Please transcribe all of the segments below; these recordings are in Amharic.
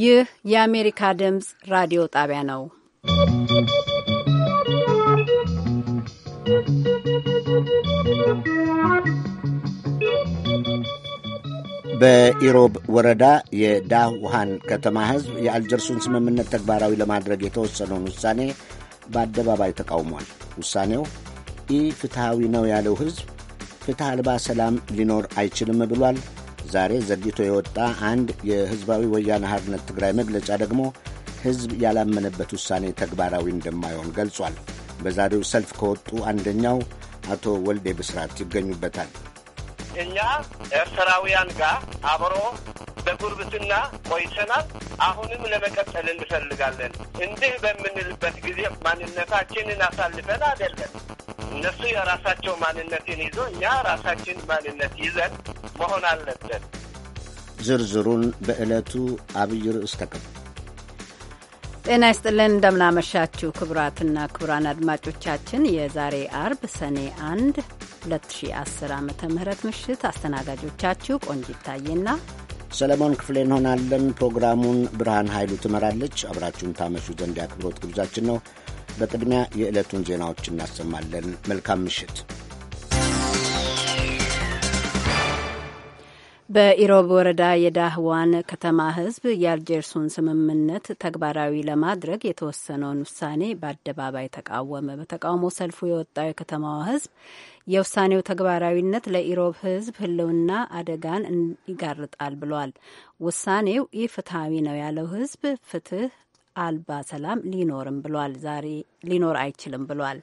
ይህ የአሜሪካ ድምፅ ራዲዮ ጣቢያ ነው። በኢሮብ ወረዳ የዳውሃን ከተማ ሕዝብ የአልጀርሱን ስምምነት ተግባራዊ ለማድረግ የተወሰነውን ውሳኔ በአደባባይ ተቃውሟል። ውሳኔው ኢ ፍትሐዊ ነው ያለው ሕዝብ ፍትሕ አልባ ሰላም ሊኖር አይችልም ብሏል። ዛሬ ዘግይቶ የወጣ አንድ የህዝባዊ ወያነ ሀርነት ትግራይ መግለጫ ደግሞ ህዝብ ያላመነበት ውሳኔ ተግባራዊ እንደማይሆን ገልጿል። በዛሬው ሰልፍ ከወጡ አንደኛው አቶ ወልዴ ብስራት ይገኙበታል። እኛ ኤርትራውያን ጋር አብሮ በጉርብትና ቆይተናል። አሁንም ለመቀጠል እንፈልጋለን። እንዲህ በምንልበት ጊዜ ማንነታችንን አሳልፈን አይደለም። እነሱ የራሳቸው ማንነትን ይዞ እኛ ራሳችን ማንነት ይዘን መሆን አለብን። ዝርዝሩን በዕለቱ አብይ ርዕስ ተቀብ ጤና ይስጥልን እንደምናመሻችሁ ክቡራትና ክቡራን አድማጮቻችን የዛሬ አርብ ሰኔ 1 2010 ዓ ም ምሽት አስተናጋጆቻችሁ ቆንጅ ይታየና ሰለሞን ክፍሌ እንሆናለን። ፕሮግራሙን ብርሃን ኃይሉ ትመራለች። አብራችሁን ታመሹ ዘንድ የአክብሮት ግብዣችን ነው። በቅድሚያ የዕለቱን ዜናዎች እናሰማለን። መልካም ምሽት። በኢሮብ ወረዳ የዳህዋን ከተማ ህዝብ የአልጀርሱን ስምምነት ተግባራዊ ለማድረግ የተወሰነውን ውሳኔ በአደባባይ ተቃወመ። በተቃውሞ ሰልፉ የወጣው የከተማዋ ህዝብ የውሳኔው ተግባራዊነት ለኢሮብ ህዝብ ህልውና አደጋን ይጋርጣል ብሏል። ውሳኔው ኢፍትሐዊ ነው ያለው ህዝብ ፍትህ አልባ ሰላም ሊኖርም ብሏል ዛሬ ሊኖር አይችልም ብሏል።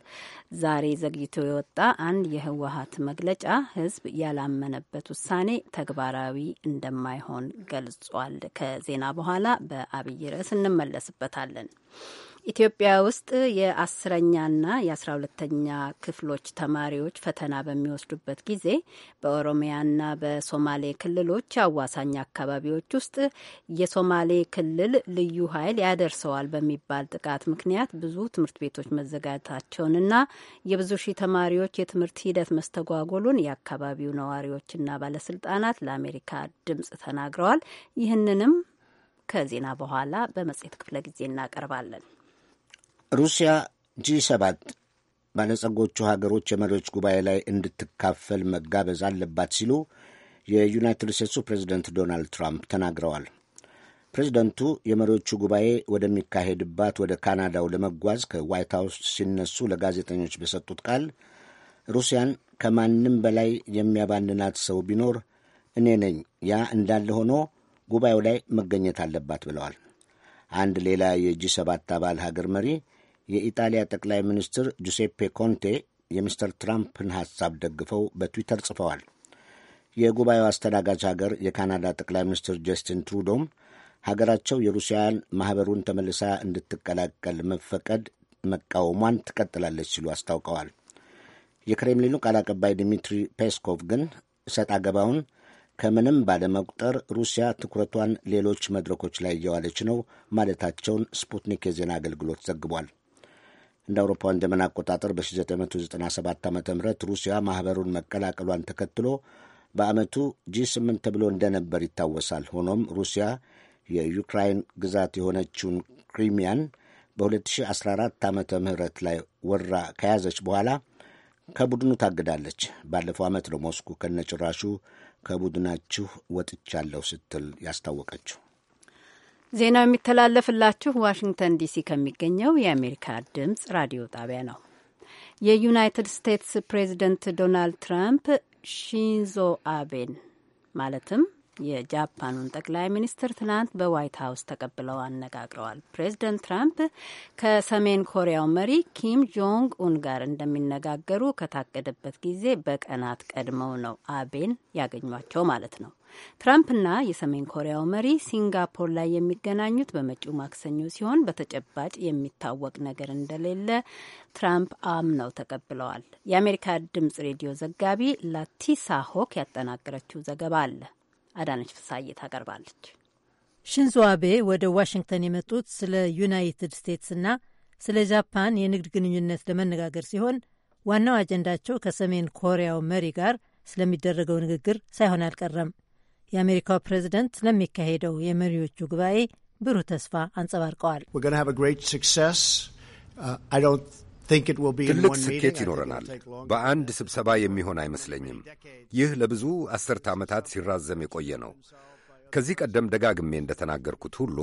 ዛሬ ዘግይቶ የወጣ አንድ የህወሀት መግለጫ ህዝብ ያላመነበት ውሳኔ ተግባራዊ እንደማይሆን ገልጿል። ከዜና በኋላ በአብይ ርዕስ እንመለስበታለን። ኢትዮጵያ ውስጥ የአስረኛና የአስራ ሁለተኛ ክፍሎች ተማሪዎች ፈተና በሚወስዱበት ጊዜ በኦሮሚያና በሶማሌ ክልሎች አዋሳኝ አካባቢዎች ውስጥ የሶማሌ ክልል ልዩ ኃይል ያደርሰዋል በሚባል ጥቃት ምክንያት ብዙ ትምህርት ቤቶች መዘጋታቸውንና የብዙ ሺህ ተማሪዎች የትምህርት ሂደት መስተጓጎሉን የአካባቢው ነዋሪዎችና ባለስልጣናት ለአሜሪካ ድምጽ ተናግረዋል። ይህንንም ከዜና በኋላ በመጽሔት ክፍለ ጊዜ እናቀርባለን። ሩሲያ ጂ ሰባት ባለጸጎቹ ሀገሮች የመሪዎች ጉባኤ ላይ እንድትካፈል መጋበዝ አለባት ሲሉ የዩናይትድ ስቴትሱ ፕሬዚደንት ዶናልድ ትራምፕ ተናግረዋል። ፕሬዚደንቱ የመሪዎቹ ጉባኤ ወደሚካሄድባት ወደ ካናዳው ለመጓዝ ከዋይት ሀውስ ሲነሱ ለጋዜጠኞች በሰጡት ቃል ሩሲያን ከማንም በላይ የሚያባንናት ሰው ቢኖር እኔ ነኝ፣ ያ እንዳለ ሆኖ ጉባኤው ላይ መገኘት አለባት ብለዋል። አንድ ሌላ የጂ ሰባት አባል ሀገር መሪ የኢጣሊያ ጠቅላይ ሚኒስትር ጁሴፔ ኮንቴ የሚስተር ትራምፕን ሐሳብ ደግፈው በትዊተር ጽፈዋል። የጉባኤው አስተናጋጅ ሀገር የካናዳ ጠቅላይ ሚኒስትር ጀስቲን ትሩዶም ሀገራቸው የሩሲያን ማኅበሩን ተመልሳ እንድትቀላቀል መፈቀድ መቃወሟን ትቀጥላለች ሲሉ አስታውቀዋል። የክሬምሊኑ ቃል አቀባይ ዲሚትሪ ፔስኮቭ ግን እሰጥ አገባውን ከምንም ባለመቁጠር ሩሲያ ትኩረቷን ሌሎች መድረኮች ላይ እየዋለች ነው ማለታቸውን ስፑትኒክ የዜና አገልግሎት ዘግቧል። እንደ አውሮፓውያን ዘመን አቆጣጠር በ1997 ዓ ም ሩሲያ ማኅበሩን መቀላቀሏን ተከትሎ በዓመቱ ጂ8 ተብሎ እንደነበር ይታወሳል። ሆኖም ሩሲያ የዩክራይን ግዛት የሆነችውን ክሪሚያን በ2014 ዓ ም ላይ ወራ ከያዘች በኋላ ከቡድኑ ታግዳለች። ባለፈው ዓመት ነው ሞስኩ ከነጭራሹ ከቡድናችሁ ወጥቻለሁ ስትል ያስታወቀችው። ዜናው የሚተላለፍላችሁ ዋሽንግተን ዲሲ ከሚገኘው የአሜሪካ ድምጽ ራዲዮ ጣቢያ ነው። የዩናይትድ ስቴትስ ፕሬዚደንት ዶናልድ ትራምፕ ሺንዞ አቤን ማለትም የጃፓኑን ጠቅላይ ሚኒስትር ትናንት በዋይት ሀውስ ተቀብለው አነጋግረዋል። ፕሬዚደንት ትራምፕ ከሰሜን ኮሪያው መሪ ኪም ጆንግ ኡን ጋር እንደሚነጋገሩ ከታቀደበት ጊዜ በቀናት ቀድመው ነው አቤን ያገኟቸው ማለት ነው። ትራምፕና የሰሜን ኮሪያው መሪ ሲንጋፖር ላይ የሚገናኙት በመጪው ማክሰኞ ሲሆን በተጨባጭ የሚታወቅ ነገር እንደሌለ ትራምፕ አምነው ተቀብለዋል። የአሜሪካ ድምጽ ሬዲዮ ዘጋቢ ላቲሳ ሆክ ያጠናቀረችው ዘገባ አለ አዳነች ፍሳዬ ታቀርባለች። ሽንዞ አቤ ወደ ዋሽንግተን የመጡት ስለ ዩናይትድ ስቴትስና ስለ ጃፓን የንግድ ግንኙነት ለመነጋገር ሲሆን ዋናው አጀንዳቸው ከሰሜን ኮሪያው መሪ ጋር ስለሚደረገው ንግግር ሳይሆን አልቀረም። የአሜሪካው ፕሬዚደንት ስለሚካሄደው የመሪዎቹ ጉባኤ ብሩህ ተስፋ አንጸባርቀዋል። ትልቅ ስኬት ይኖረናል። በአንድ ስብሰባ የሚሆን አይመስለኝም። ይህ ለብዙ አስርተ ዓመታት ሲራዘም የቆየ ነው። ከዚህ ቀደም ደጋግሜ እንደተናገርኩት ሁሉ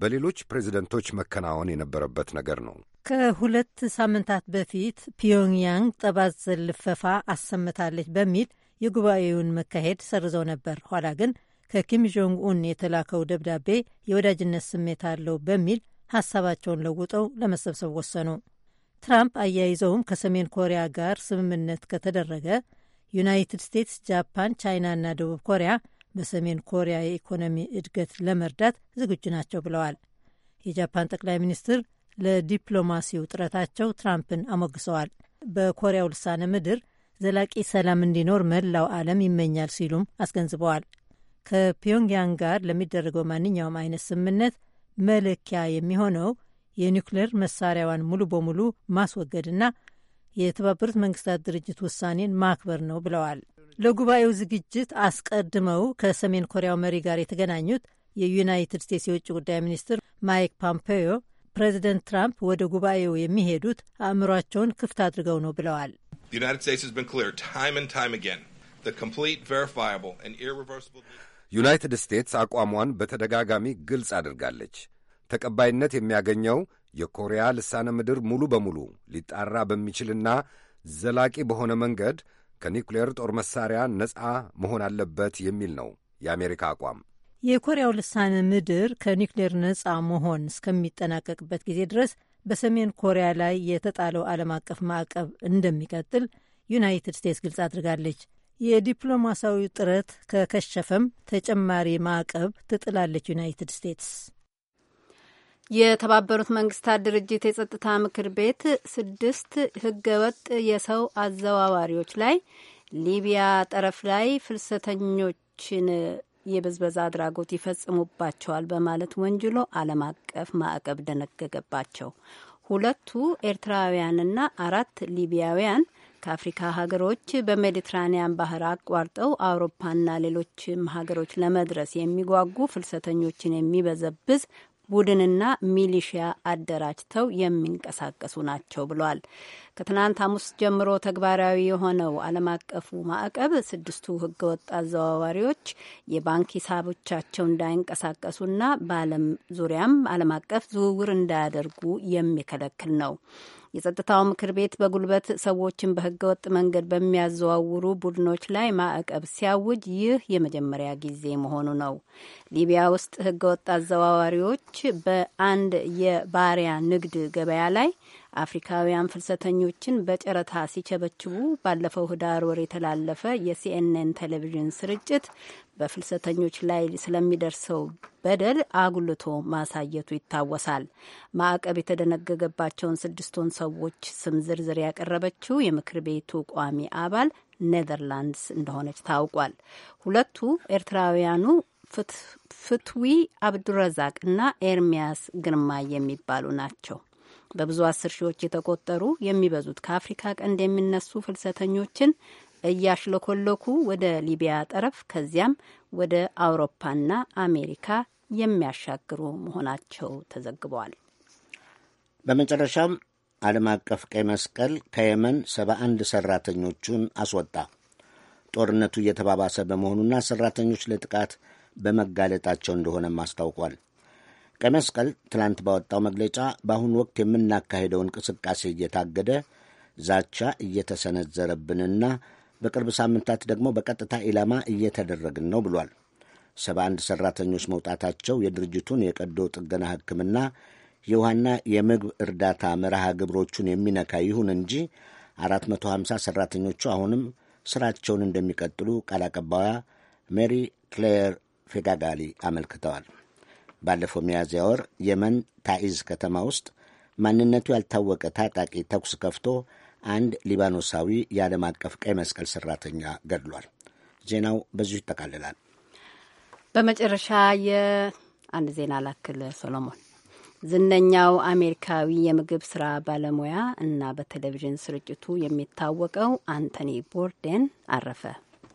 በሌሎች ፕሬዚደንቶች መከናወን የነበረበት ነገር ነው። ከሁለት ሳምንታት በፊት ፒዮንግያንግ ጠባዝ ልፈፋ አሰምታለች በሚል የጉባኤውን መካሄድ ሰርዘው ነበር። ኋላ ግን ከኪም ጆንግ ኡን የተላከው ደብዳቤ የወዳጅነት ስሜት አለው በሚል ሀሳባቸውን ለውጠው ለመሰብሰብ ወሰኑ። ትራምፕ አያይዘውም ከሰሜን ኮሪያ ጋር ስምምነት ከተደረገ ዩናይትድ ስቴትስ፣ ጃፓን፣ ቻይና እና ደቡብ ኮሪያ በሰሜን ኮሪያ የኢኮኖሚ እድገት ለመርዳት ዝግጁ ናቸው ብለዋል። የጃፓን ጠቅላይ ሚኒስትር ለዲፕሎማሲው ጥረታቸው ትራምፕን አሞግሰዋል። በኮሪያው ልሳነ ምድር ዘላቂ ሰላም እንዲኖር መላው ዓለም ይመኛል ሲሉም አስገንዝበዋል። ከፒዮንግያንግ ጋር ለሚደረገው ማንኛውም አይነት ስምምነት መለኪያ የሚሆነው የኒውክሌር መሳሪያዋን ሙሉ በሙሉ ማስወገድና የተባበሩት መንግስታት ድርጅት ውሳኔን ማክበር ነው ብለዋል። ለጉባኤው ዝግጅት አስቀድመው ከሰሜን ኮሪያው መሪ ጋር የተገናኙት የዩናይትድ ስቴትስ የውጭ ጉዳይ ሚኒስትር ማይክ ፖምፔዮ ፕሬዚደንት ትራምፕ ወደ ጉባኤው የሚሄዱት አእምሯቸውን ክፍት አድርገው ነው ብለዋል። ዩናይትድ ስቴትስ አቋሟን በተደጋጋሚ ግልጽ አድርጋለች። ተቀባይነት የሚያገኘው የኮሪያ ልሳነ ምድር ሙሉ በሙሉ ሊጣራ በሚችልና ዘላቂ በሆነ መንገድ ከኒውክሌር ጦር መሳሪያ ነፃ መሆን አለበት የሚል ነው የአሜሪካ አቋም። የኮሪያው ልሳነ ምድር ከኒውክሌር ነፃ መሆን እስከሚጠናቀቅበት ጊዜ ድረስ በሰሜን ኮሪያ ላይ የተጣለው ዓለም አቀፍ ማዕቀብ እንደሚቀጥል ዩናይትድ ስቴትስ ግልጽ አድርጋለች። የዲፕሎማሲያዊ ጥረት ከከሸፈም ተጨማሪ ማዕቀብ ትጥላለች ዩናይትድ ስቴትስ። የተባበሩት መንግስታት ድርጅት የጸጥታ ምክር ቤት ስድስት ህገወጥ የሰው አዘዋዋሪዎች ላይ ሊቢያ ጠረፍ ላይ ፍልሰተኞችን የብዝበዛ አድራጎት ይፈጽሙባቸዋል በማለት ወንጅሎ ዓለም አቀፍ ማዕቀብ ደነገገባቸው። ሁለቱ ኤርትራውያንና አራት ሊቢያውያን ከአፍሪካ ሀገሮች በሜዲትራኒያን ባህር አቋርጠው አውሮፓና ሌሎችም ሀገሮች ለመድረስ የሚጓጉ ፍልሰተኞችን የሚበዘብዝ ቡድንና ሚሊሺያ አደራጅተው የሚንቀሳቀሱ ናቸው ብሏል። ከትናንት ሐሙስ ጀምሮ ተግባራዊ የሆነው ዓለም አቀፉ ማዕቀብ ስድስቱ ህገወጥ አዘዋዋሪዎች የባንክ ሂሳቦቻቸው እንዳይንቀሳቀሱና በዓለም ዙሪያም ዓለም አቀፍ ዝውውር እንዳያደርጉ የሚከለክል ነው። የጸጥታው ምክር ቤት በጉልበት ሰዎችን በህገወጥ መንገድ በሚያዘዋውሩ ቡድኖች ላይ ማዕቀብ ሲያውጅ ይህ የመጀመሪያ ጊዜ መሆኑ ነው። ሊቢያ ውስጥ ህገወጥ አዘዋዋሪዎች በአንድ የባሪያ ንግድ ገበያ ላይ አፍሪካውያን ፍልሰተኞችን በጨረታ ሲቸበችቡ ባለፈው ህዳር ወር የተላለፈ የሲኤንኤን ቴሌቪዥን ስርጭት በፍልሰተኞች ላይ ስለሚደርሰው በደል አጉልቶ ማሳየቱ ይታወሳል። ማዕቀብ የተደነገገባቸውን ስድስቱን ሰዎች ስም ዝርዝር ያቀረበችው የምክር ቤቱ ቋሚ አባል ኔዘርላንድስ እንደሆነች ታውቋል። ሁለቱ ኤርትራውያኑ ፍትዊ አብዱረዛቅ እና ኤርሚያስ ግርማ የሚባሉ ናቸው። በብዙ አስር ሺዎች የተቆጠሩ የሚበዙት ከአፍሪካ ቀንድ የሚነሱ ፍልሰተኞችን እያሽለኮለኩ ወደ ሊቢያ ጠረፍ ከዚያም ወደ አውሮፓና አሜሪካ የሚያሻግሩ መሆናቸው ተዘግበዋል። በመጨረሻም ዓለም አቀፍ ቀይ መስቀል ከየመን 71 ሰራተኞቹን አስወጣ። ጦርነቱ እየተባባሰ በመሆኑና ሰራተኞች ለጥቃት በመጋለጣቸው እንደሆነም አስታውቋል። ቀይ መስቀል ትናንት ባወጣው መግለጫ በአሁኑ ወቅት የምናካሄደው እንቅስቃሴ እየታገደ ዛቻ እየተሰነዘረብንና በቅርብ ሳምንታት ደግሞ በቀጥታ ኢላማ እየተደረግን ነው ብሏል። ሰባ አንድ ሠራተኞች መውጣታቸው የድርጅቱን የቀዶ ጥገና ሕክምና የውሃና የምግብ እርዳታ መርሃ ግብሮቹን የሚነካ ይሁን እንጂ 450 ሠራተኞቹ አሁንም ስራቸውን እንደሚቀጥሉ ቃል አቀባዋ ሜሪ ክሌር ፌጋጋሊ አመልክተዋል። ባለፈው ሚያዝያ ወር የመን ታኢዝ ከተማ ውስጥ ማንነቱ ያልታወቀ ታጣቂ ተኩስ ከፍቶ አንድ ሊባኖሳዊ የዓለም አቀፍ ቀይ መስቀል ሰራተኛ ገድሏል። ዜናው በዚሁ ይጠቃልላል። በመጨረሻ የአንድ ዜና ላክል ሶሎሞን ዝነኛው አሜሪካዊ የምግብ ስራ ባለሙያ እና በቴሌቪዥን ስርጭቱ የሚታወቀው አንቶኒ ቦርዴን አረፈ።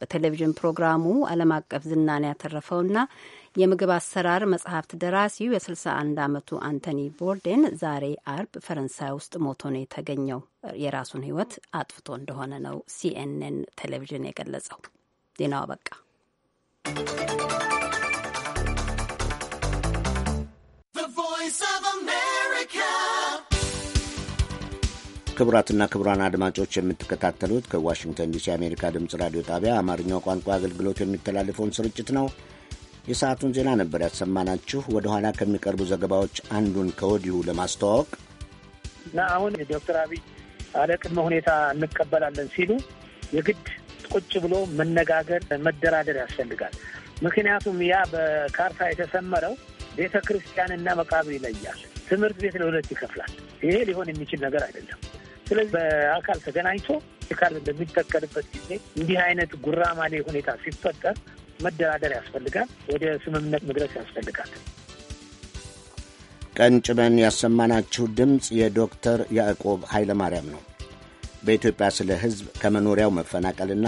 በቴሌቪዥን ፕሮግራሙ ዓለም አቀፍ ዝናን ያተረፈውና የምግብ አሰራር መጽሐፍት ደራሲው የ61 ዓመቱ አንቶኒ ቦርዴን ዛሬ አርብ ፈረንሳይ ውስጥ ሞቶ ነው የተገኘው። የራሱን ሕይወት አጥፍቶ እንደሆነ ነው ሲኤንኤን ቴሌቪዥን የገለጸው። ዜናው አበቃ። ክቡራትና ክቡራን አድማጮች የምትከታተሉት ከዋሽንግተን ዲሲ የአሜሪካ ድምፅ ራዲዮ ጣቢያ አማርኛው ቋንቋ አገልግሎት የሚተላለፈውን ስርጭት ነው። የሰዓቱን ዜና ነበር ያሰማናችሁ። ወደ ኋላ ከሚቀርቡ ዘገባዎች አንዱን ከወዲሁ ለማስተዋወቅ እና አሁን ዶክተር አብይ አለ ቅድመ ሁኔታ እንቀበላለን ሲሉ የግድ ቁጭ ብሎ መነጋገር፣ መደራደር ያስፈልጋል። ምክንያቱም ያ በካርታ የተሰመረው ቤተ ክርስቲያንና መቃብር ይለያል፣ ትምህርት ቤት ለሁለት ይከፍላል። ይሄ ሊሆን የሚችል ነገር አይደለም። ስለዚህ በአካል ተገናኝቶ ካል በሚተከልበት ጊዜ እንዲህ አይነት ጉራማሌ ሁኔታ ሲፈጠር መደራደር ያስፈልጋል። ወደ ስምምነት መድረስ ያስፈልጋል። ቀንጭበን ያሰማናችሁ ድምፅ የዶክተር ያዕቆብ ኃይለማርያም ነው። በኢትዮጵያ ስለ ሕዝብ ከመኖሪያው መፈናቀልና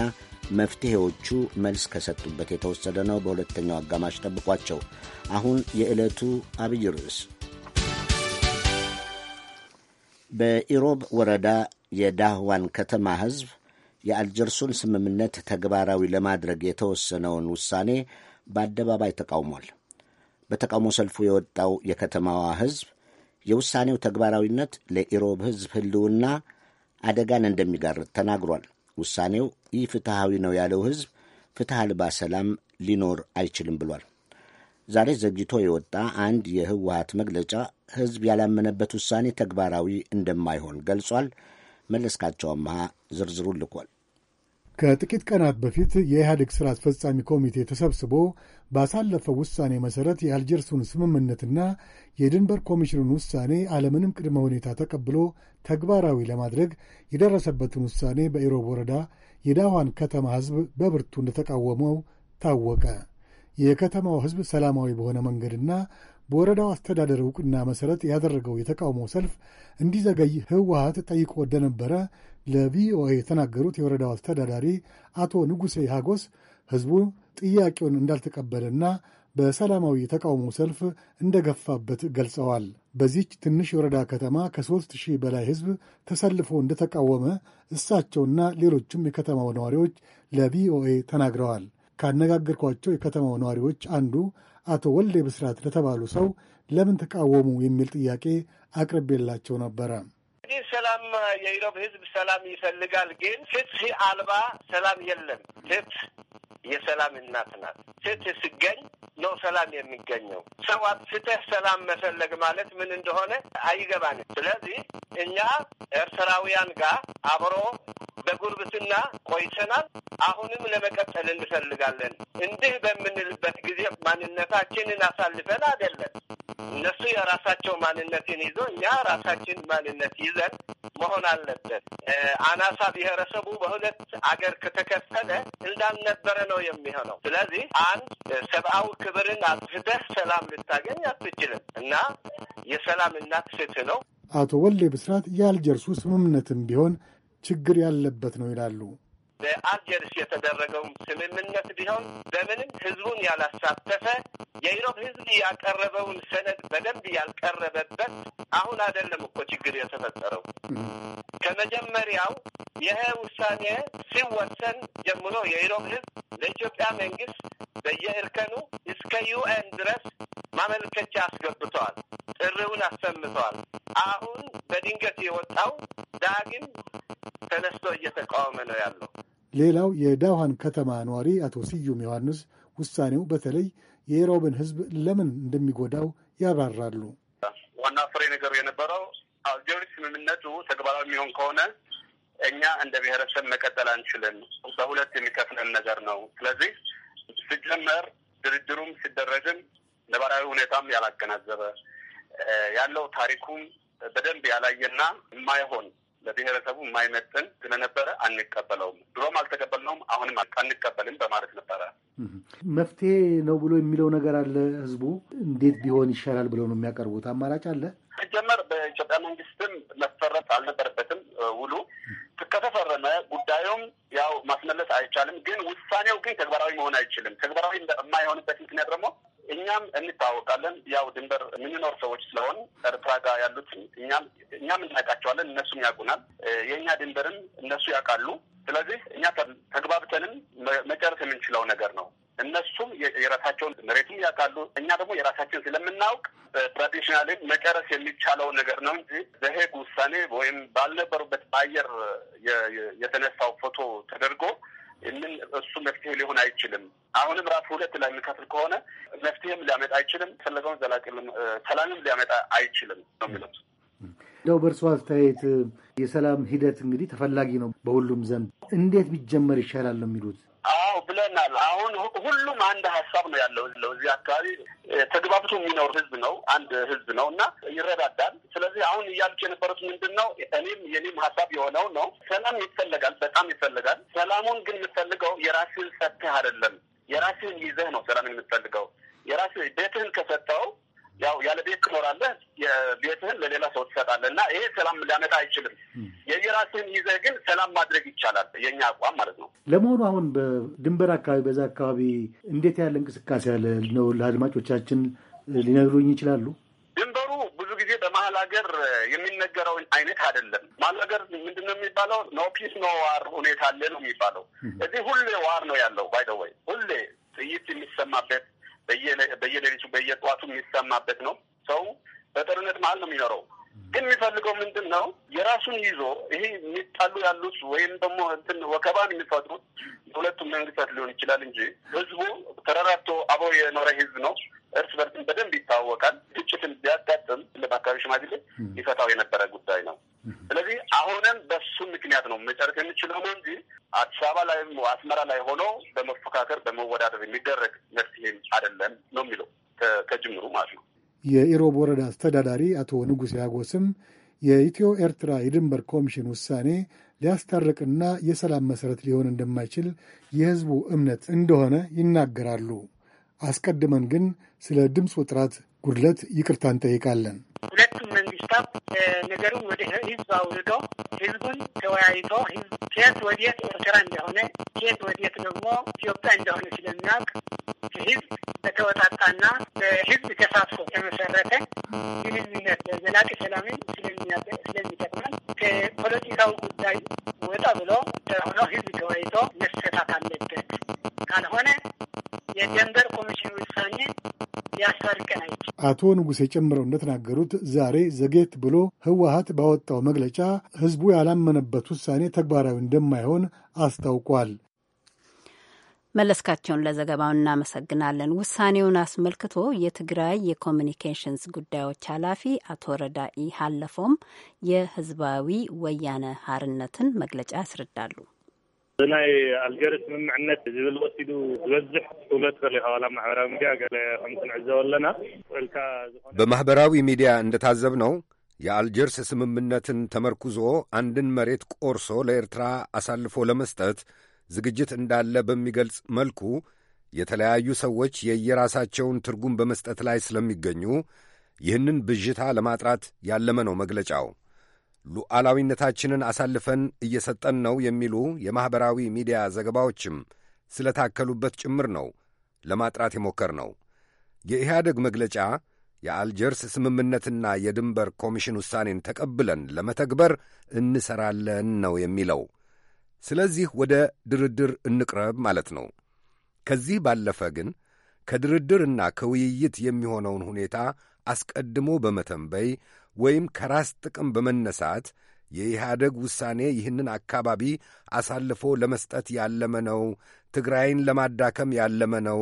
መፍትሔዎቹ መልስ ከሰጡበት የተወሰደ ነው። በሁለተኛው አጋማሽ ጠብቋቸው። አሁን የዕለቱ አብይ ርዕስ በኢሮብ ወረዳ የዳህዋን ከተማ ሕዝብ የአልጀርሱን ስምምነት ተግባራዊ ለማድረግ የተወሰነውን ውሳኔ በአደባባይ ተቃውሟል። በተቃውሞ ሰልፉ የወጣው የከተማዋ ሕዝብ የውሳኔው ተግባራዊነት ለኢሮብ ሕዝብ ህልውና አደጋን እንደሚጋርጥ ተናግሯል። ውሳኔው ይህ ፍትሐዊ ነው ያለው ሕዝብ ፍትሕ አልባ ሰላም ሊኖር አይችልም ብሏል። ዛሬ ዘግይቶ የወጣ አንድ የህወሀት መግለጫ ሕዝብ ያላመነበት ውሳኔ ተግባራዊ እንደማይሆን ገልጿል። መለስካቸው አመሃ ዝርዝሩን ልኳል። ከጥቂት ቀናት በፊት የኢህአዴግ ሥራ አስፈጻሚ ኮሚቴ ተሰብስቦ ባሳለፈው ውሳኔ መሠረት የአልጀርሱን ስምምነትና የድንበር ኮሚሽኑን ውሳኔ አለምንም ቅድመ ሁኔታ ተቀብሎ ተግባራዊ ለማድረግ የደረሰበትን ውሳኔ በኢሮብ ወረዳ የዳዋን ከተማ ሕዝብ በብርቱ እንደተቃወመው ታወቀ። የከተማው ሕዝብ ሰላማዊ በሆነ መንገድና በወረዳው አስተዳደር ዕውቅና መሠረት ያደረገው የተቃውሞ ሰልፍ እንዲዘገይ ህወሀት ጠይቆ እንደነበረ ለቪኦኤ የተናገሩት የወረዳው አስተዳዳሪ አቶ ንጉሴ ሀጎስ ሕዝቡ ጥያቄውን እንዳልተቀበለና በሰላማዊ የተቃውሞ ሰልፍ እንደገፋበት ገልጸዋል። በዚች ትንሽ የወረዳ ከተማ ከሦስት ሺህ በላይ ሕዝብ ተሰልፎ እንደተቃወመ እሳቸውና ሌሎችም የከተማው ነዋሪዎች ለቪኦኤ ተናግረዋል። ካነጋገርኳቸው የከተማው ነዋሪዎች አንዱ አቶ ወልዴ ብስራት ለተባሉ ሰው ለምን ተቃወሙ የሚል ጥያቄ አቅርቤላቸው ነበረ። እንግዲህ ሰላም የኢሮብ ህዝብ ሰላም ይፈልጋል። ግን ፍትህ አልባ ሰላም የለም። ፍትህ የሰላም እናት ናት። ፍትህ ሲገኝ ነው ሰላም የሚገኘው። ሰው ፍትህ ሰላም መፈለግ ማለት ምን እንደሆነ አይገባንም። ስለዚህ እኛ ኤርትራውያን ጋር አብሮ በጉርብትና ቆይተናል። አሁንም ለመቀጠል እንፈልጋለን። እንዲህ በምንልበት ጊዜ ማንነታችንን አሳልፈን አይደለም። እነሱ የራሳቸው ማንነትን ይዞ እኛ ራሳችን ማንነት ይዘን መሆን አለበት። አናሳ ብሔረሰቡ በሁለት አገር ከተከፈለ እንዳልነበረ ነው የሚሆነው። ስለዚህ አንድ ሰብአዊ ክብርን አጥፍተህ ሰላም ልታገኝ አትችልም እና የሰላም እናት ፍትህ ነው። አቶ ወሌ ብስራት የአልጀርሱ ስምምነትም ቢሆን ችግር ያለበት ነው ይላሉ። በአልጀርስ የተደረገውም ስምምነት ቢሆን በምንም ህዝቡን ያላሳተፈ የኢሮብ ህዝብ ያቀረበውን ሰነድ በደንብ ያልቀረበበት አሁን አይደለም እኮ ችግር የተፈጠረው። ከመጀመሪያው ይሄ ውሳኔ ሲወሰን ጀምሮ የኢሮብ ህዝብ ለኢትዮጵያ መንግስት በየእርከኑ እስከ ዩኤን ድረስ ማመልከቻ አስገብተዋል። ጥሪውን አሰምተዋል። አሁን በድንገት የወጣው ዳግም ተነስቶ እየተቃወመ ነው ያለው። ሌላው የዳውሃን ከተማ ነዋሪ አቶ ስዩም ዮሐንስ ውሳኔው በተለይ የኢሮብን ህዝብ ለምን እንደሚጎዳው ያብራራሉ። ዋና ፍሬ ነገሩ የነበረው አልጀሪ ስምምነቱ ተግባራዊ የሚሆን ከሆነ እኛ እንደ ብሔረሰብ መቀጠል አንችልም። በሁለት የሚከፍለን ነገር ነው። ስለዚህ ሲጀመር ድርድሩም ሲደረግም ነባራዊ ሁኔታም ያላገናዘበ ያለው ታሪኩም በደንብ ያላየና የማይሆን ለብሔረሰቡ የማይመጥን ስለነበረ አንቀበለውም። ድሮም አልተቀበልነውም፣ አሁንም አንቀበልም በማለት ነበረ። መፍትሄ ነው ብሎ የሚለው ነገር አለ። ህዝቡ እንዴት ቢሆን ይሻላል ብለው ነው የሚያቀርቡት። አማራጭ አለ። ሲጀመር በኢትዮጵያ መንግስትም መፈረም አልነበረበትም ውሉ ከተፈረመ ጉዳዩም ያው ማስመለስ አይቻልም። ግን ውሳኔው ግን ተግባራዊ መሆን አይችልም። ተግባራዊ የማይሆንበት ምክንያት ደግሞ እኛም እንታወቃለን። ያው ድንበር የምንኖር ሰዎች ስለሆን ኤርትራ ጋር ያሉት እኛም እኛም እናውቃቸዋለን፣ እነሱም ያውቁናል። የእኛ ድንበርም እነሱ ያውቃሉ። ስለዚህ እኛ ተግባብተንም መጨረስ የምንችለው ነገር ነው። እነሱም የራሳቸውን መሬቱም ያውቃሉ፣ እኛ ደግሞ የራሳችን ስለምናውቅ ትራዲሽናልን መጨረስ የሚቻለው ነገር ነው እንጂ በሄግ ውሳኔ ወይም ባልነበሩበት በአየር የተነሳው ፎቶ ተደርጎ የምን እሱ መፍትሄ ሊሆን አይችልም። አሁንም ራሱ ሁለት ላይ የሚከፍል ከሆነ መፍትሄም ሊያመጣ አይችልም። ፈለገውን ዘላቂ ሰላምም ሊያመጣ አይችልም ነው የሚለው። ያው በእርሱ አስተያየት የሰላም ሂደት እንግዲህ ተፈላጊ ነው በሁሉም ዘንድ እንዴት ቢጀመር ይሻላል ነው የሚሉት? አዎ ብለናል። አሁን ሁሉም አንድ ሀሳብ ነው ያለው። ለው እዚህ አካባቢ ተግባብቶ የሚኖር ህዝብ ነው፣ አንድ ህዝብ ነው እና ይረዳዳል። ስለዚህ አሁን እያሉች የነበሩት ምንድን ነው? እኔም የኔም ሀሳብ የሆነው ነው። ሰላም ይፈለጋል፣ በጣም ይፈለጋል። ሰላሙን ግን የምትፈልገው የራስህን ሰጥተህ አይደለም፣ የራስህን ይዘህ ነው ሰላምን የምትፈልገው። የራስህ ቤትህን ከሰጠው ያው ያለ ቤት ትኖራለህ፣ ቤትህን ለሌላ ሰው ትሰጣለህ እና ይሄ ሰላም ሊያመጣ አይችልም። የየራስህን ይዘህ ግን ሰላም ማድረግ ይቻላል፣ የኛ አቋም ማለት ነው። ለመሆኑ አሁን በድንበር አካባቢ በዛ አካባቢ እንዴት ያለ እንቅስቃሴ ያለ ነው? ለአድማጮቻችን ሊነግሩኝ ይችላሉ? ድንበሩ ብዙ ጊዜ በመሀል ሀገር የሚነገረው አይነት አይደለም። መሀል ሀገር ምንድን ነው የሚባለው? ኖ ፒስ ኖ ዋር ሁኔታ አለ ነው የሚባለው። እዚህ ሁሌ ዋር ነው ያለው። ባይደወይ ሁሌ ጥይት የሚሰማበት በየሌሊቱ በየጠዋቱ የሚሰማበት ነው። ሰው በጦርነት መሀል ነው የሚኖረው። ግን የሚፈልገው ምንድን ነው? የራሱን ይዞ ይሄ የሚጣሉ ያሉት ወይም ደግሞ እንትን ወከባን የሚፈጥሩት የሁለቱም መንግስታት ሊሆን ይችላል እንጂ ህዝቡ ተረራቶ አብሮ የኖረ ህዝብ ነው። እርስ በርስ በደንብ ይታወቃል። ግጭትን ቢያጋጥም ለአካባቢ ሽማግሌ ይፈታው የነበረ ጉዳይ ነው። ስለዚህ አሁንም በሱ ምክንያት ነው መጨረስ የምችለው ነው እንጂ አዲስ አበባ ላይ አስመራ ላይ ሆኖ በመፎካከር በመወዳደር የሚደረግ መፍትሄም አይደለም ነው የሚለው ከጅምሩ ማለት ነው። የኢሮብ ወረዳ አስተዳዳሪ አቶ ንጉሴ አጎስም የኢትዮ ኤርትራ የድንበር ኮሚሽን ውሳኔ ሊያስታርቅና የሰላም መሠረት ሊሆን እንደማይችል የሕዝቡ እምነት እንደሆነ ይናገራሉ። አስቀድመን ግን ስለ ድምፁ ጥራት ጉድለት ይቅርታ እንጠይቃለን። ሁለቱም መንግስታት ነገሩን ወደ ህዝብ አውርዶ ህዝቡን ተወያይቶ ህዝብ ከየት ወዴት ኤርትራ እንደሆነ ከየት ወዴት ደግሞ ኢትዮጵያ እንደሆነ ስለሚያውቅ ህዝብ በተወጣጣና በህዝብ ተሳትፎ የተመሰረተ ግንኙነት ዘላቂ ሰላምን ስለሚጠቅመን ከፖለቲካው ጉዳይ ወጣ ብሎ ሆኖ ህዝብ ተወያይቶ መሰታት አለበት። ካልሆነ የደንበር ኮሚሽን ውሳኔ አቶ ንጉሴ ጨምረው እንደተናገሩት ዛሬ ዘጌት ብሎ ህወሀት ባወጣው መግለጫ ህዝቡ ያላመነበት ውሳኔ ተግባራዊ እንደማይሆን አስታውቋል። መለስካቸውን ለዘገባው እናመሰግናለን። ውሳኔውን አስመልክቶ የትግራይ የኮሚኒኬሽንስ ጉዳዮች ኃላፊ አቶ ረዳኢ ሀለፎም የህዝባዊ ወያነ ሀርነትን መግለጫ ያስረዳሉ። ብናይ ኣልጀርስ ስምምዕነት ዝብል ወሲዱ ዝበዝሕ ውለት ይኸው ናብ ማሕበራዊ ሚድያ ገለ ከም ክንዕዘብ ኣለና ልካ በማሕበራዊ ሚድያ እንደታዘብነው የአልጀርስ ስምምነትን ተመርኩዞ አንድን መሬት ቆርሶ ለኤርትራ አሳልፎ ለመስጠት ዝግጅት እንዳለ በሚገልጽ መልኩ የተለያዩ ሰዎች የየራሳቸውን ትርጉም በመስጠት ላይ ስለሚገኙ ይህንን ብዥታ ለማጥራት ያለመ ነው መግለጫው። ሉዓላዊነታችንን አሳልፈን እየሰጠን ነው የሚሉ የማኅበራዊ ሚዲያ ዘገባዎችም ስለታከሉበት ጭምር ነው ለማጥራት የሞከር ነው። የኢህአደግ መግለጫ የአልጀርስ ስምምነትና የድንበር ኮሚሽን ውሳኔን ተቀብለን ለመተግበር እንሰራለን ነው የሚለው። ስለዚህ ወደ ድርድር እንቅረብ ማለት ነው። ከዚህ ባለፈ ግን ከድርድርና ከውይይት የሚሆነውን ሁኔታ አስቀድሞ በመተንበይ ወይም ከራስ ጥቅም በመነሳት የኢህአደግ ውሳኔ ይህንን አካባቢ አሳልፎ ለመስጠት ያለመ ነው፣ ትግራይን ለማዳከም ያለመ ነው፣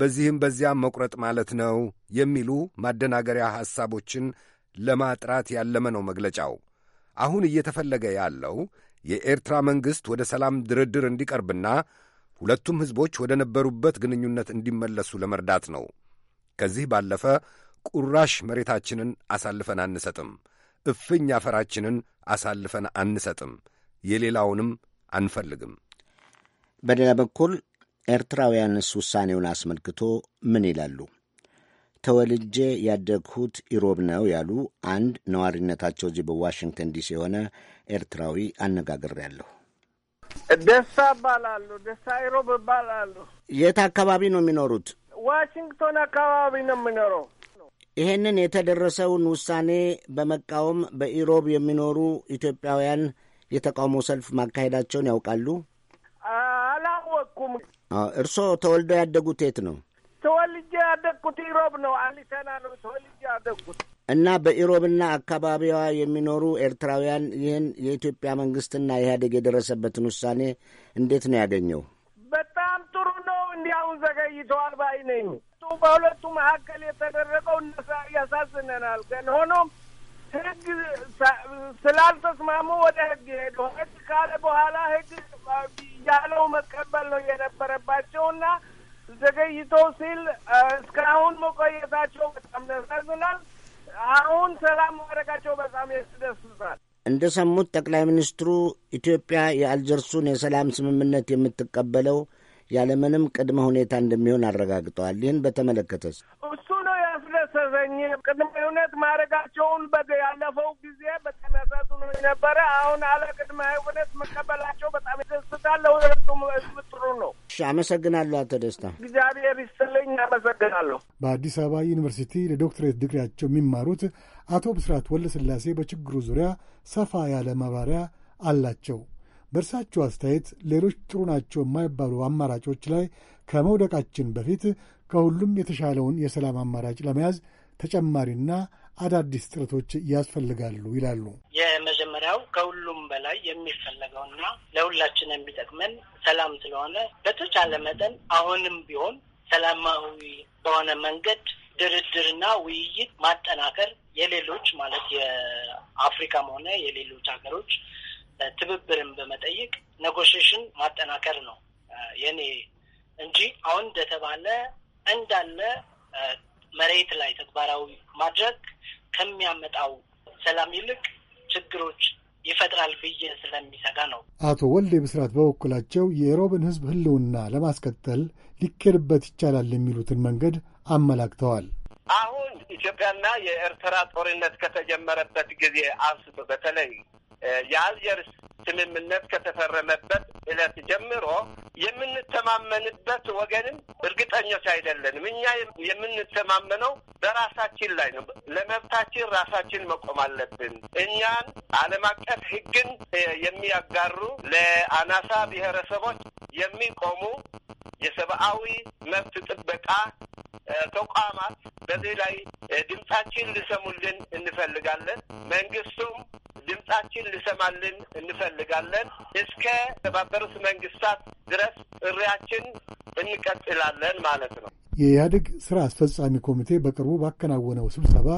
በዚህም በዚያም መቁረጥ ማለት ነው የሚሉ ማደናገሪያ ሐሳቦችን ለማጥራት ያለመ ነው መግለጫው። አሁን እየተፈለገ ያለው የኤርትራ መንግሥት ወደ ሰላም ድርድር እንዲቀርብና ሁለቱም ሕዝቦች ወደ ነበሩበት ግንኙነት እንዲመለሱ ለመርዳት ነው። ከዚህ ባለፈ ቁራሽ መሬታችንን አሳልፈን አንሰጥም። እፍኝ አፈራችንን አሳልፈን አንሰጥም። የሌላውንም አንፈልግም። በሌላ በኩል ኤርትራውያንስ ውሳኔውን አስመልክቶ ምን ይላሉ? ተወልጄ ያደግሁት ኢሮብ ነው ያሉ አንድ ነዋሪነታቸው እዚህ በዋሽንግተን ዲሲ የሆነ ኤርትራዊ አነጋግሬያለሁ። ደስታ እባላለሁ። ደስታ ኢሮብ እባላለሁ። የት አካባቢ ነው የሚኖሩት? ዋሽንግቶን አካባቢ ነው የሚኖረው። ይህንን የተደረሰውን ውሳኔ በመቃወም በኢሮብ የሚኖሩ ኢትዮጵያውያን የተቃውሞ ሰልፍ ማካሄዳቸውን ያውቃሉ? አላወቅኩም። እርስዎ ተወልደው ያደጉት የት ነው? ተወልጄ ያደግኩት ኢሮብ ነው። አሊሰና ነው ተወልጄ ያደግኩት እና በኢሮብና አካባቢዋ የሚኖሩ ኤርትራውያን ይህን የኢትዮጵያ መንግስትና ኢህአዴግ የደረሰበትን ውሳኔ እንዴት ነው ያገኘው? በጣም ጥሩ ነው። እንዲያው ዘገይተዋል ባይ ነኝ። በሁለቱ መካከል የተደረገው ያሳዝነናል። ግን ሆኖም ህግ ስላልተስማሙ ወደ ህግ ሄዱ። ህግ ካለ በኋላ ህግ ያለው መቀበል ነው የነበረባቸውና ዘገይቶ ሲል እስካሁን መቆየታቸው በጣም ያሳዝናል። አሁን ሰላም ማድረጋቸው በጣም ያስደስታል። እንደ ሰሙት ጠቅላይ ሚኒስትሩ ኢትዮጵያ የአልጀርሱን የሰላም ስምምነት የምትቀበለው ያለምንም ቅድመ ሁኔታ እንደሚሆን አረጋግጠዋል። ይህን በተመለከተስ እሱ ነው ያስደሰተኝ። ቅድመ እውነት ማድረጋቸውን ያለፈው ጊዜ በጣም ነው የነበረ። አሁን አለ ቅድመ እውነት መቀበላቸው በጣም ይደስታል። ለሁለቱም ህዝብ ጥሩ ነው። አመሰግናለሁ። አቶ ደስታ እግዚአብሔር ይስጥልኝ። አመሰግናለሁ። በአዲስ አበባ ዩኒቨርሲቲ ለዶክትሬት ድግሪያቸው የሚማሩት አቶ ብስራት ወለስላሴ በችግሩ ዙሪያ ሰፋ ያለ ማብራሪያ አላቸው። በእርሳቸው አስተያየት ሌሎች ጥሩ ናቸው የማይባሉ አማራጮች ላይ ከመውደቃችን በፊት ከሁሉም የተሻለውን የሰላም አማራጭ ለመያዝ ተጨማሪና አዳዲስ ጥረቶች ያስፈልጋሉ ይላሉ። የመጀመሪያው ከሁሉም በላይ የሚፈለገውና ለሁላችን የሚጠቅመን ሰላም ስለሆነ በተቻለ መጠን አሁንም ቢሆን ሰላማዊ በሆነ መንገድ ድርድርና ውይይት ማጠናከር የሌሎች ማለት የአፍሪካም ሆነ የሌሎች ሀገሮች ትብብርን በመጠየቅ ኔጎሽሽን ማጠናከር ነው የኔ እንጂ አሁን እንደተባለ እንዳለ መሬት ላይ ተግባራዊ ማድረግ ከሚያመጣው ሰላም ይልቅ ችግሮች ይፈጥራል ብዬ ስለሚሰጋ ነው። አቶ ወልዴ ብስራት በበኩላቸው የሮብን ሕዝብ ህልውና ለማስቀጠል ሊኬድበት ይቻላል የሚሉትን መንገድ አመላክተዋል። አሁን ኢትዮጵያና የኤርትራ ጦርነት ከተጀመረበት ጊዜ አንስቶ በተለይ የአየር ስምምነት ከተፈረመበት እለት ጀምሮ የምንተማመንበት ወገንም እርግጠኞች አይደለንም። እኛ የምንተማመነው በራሳችን ላይ ነው። ለመብታችን ራሳችን መቆም አለብን። እኛን ዓለም አቀፍ ሕግን የሚያጋሩ ለአናሳ ብሔረሰቦች የሚቆሙ የሰብአዊ መብት ጥበቃ ተቋማት በዚህ ላይ ድምጻችን ልሰሙልን እንፈልጋለን። መንግስቱም ድምጻችን ልሰማልን እንፈልጋለን። እስከ ተባበሩት መንግስታት ድረስ እሪያችን እንቀጥላለን ማለት ነው። የኢህአዴግ ስራ አስፈጻሚ ኮሚቴ በቅርቡ ባከናወነው ስብሰባ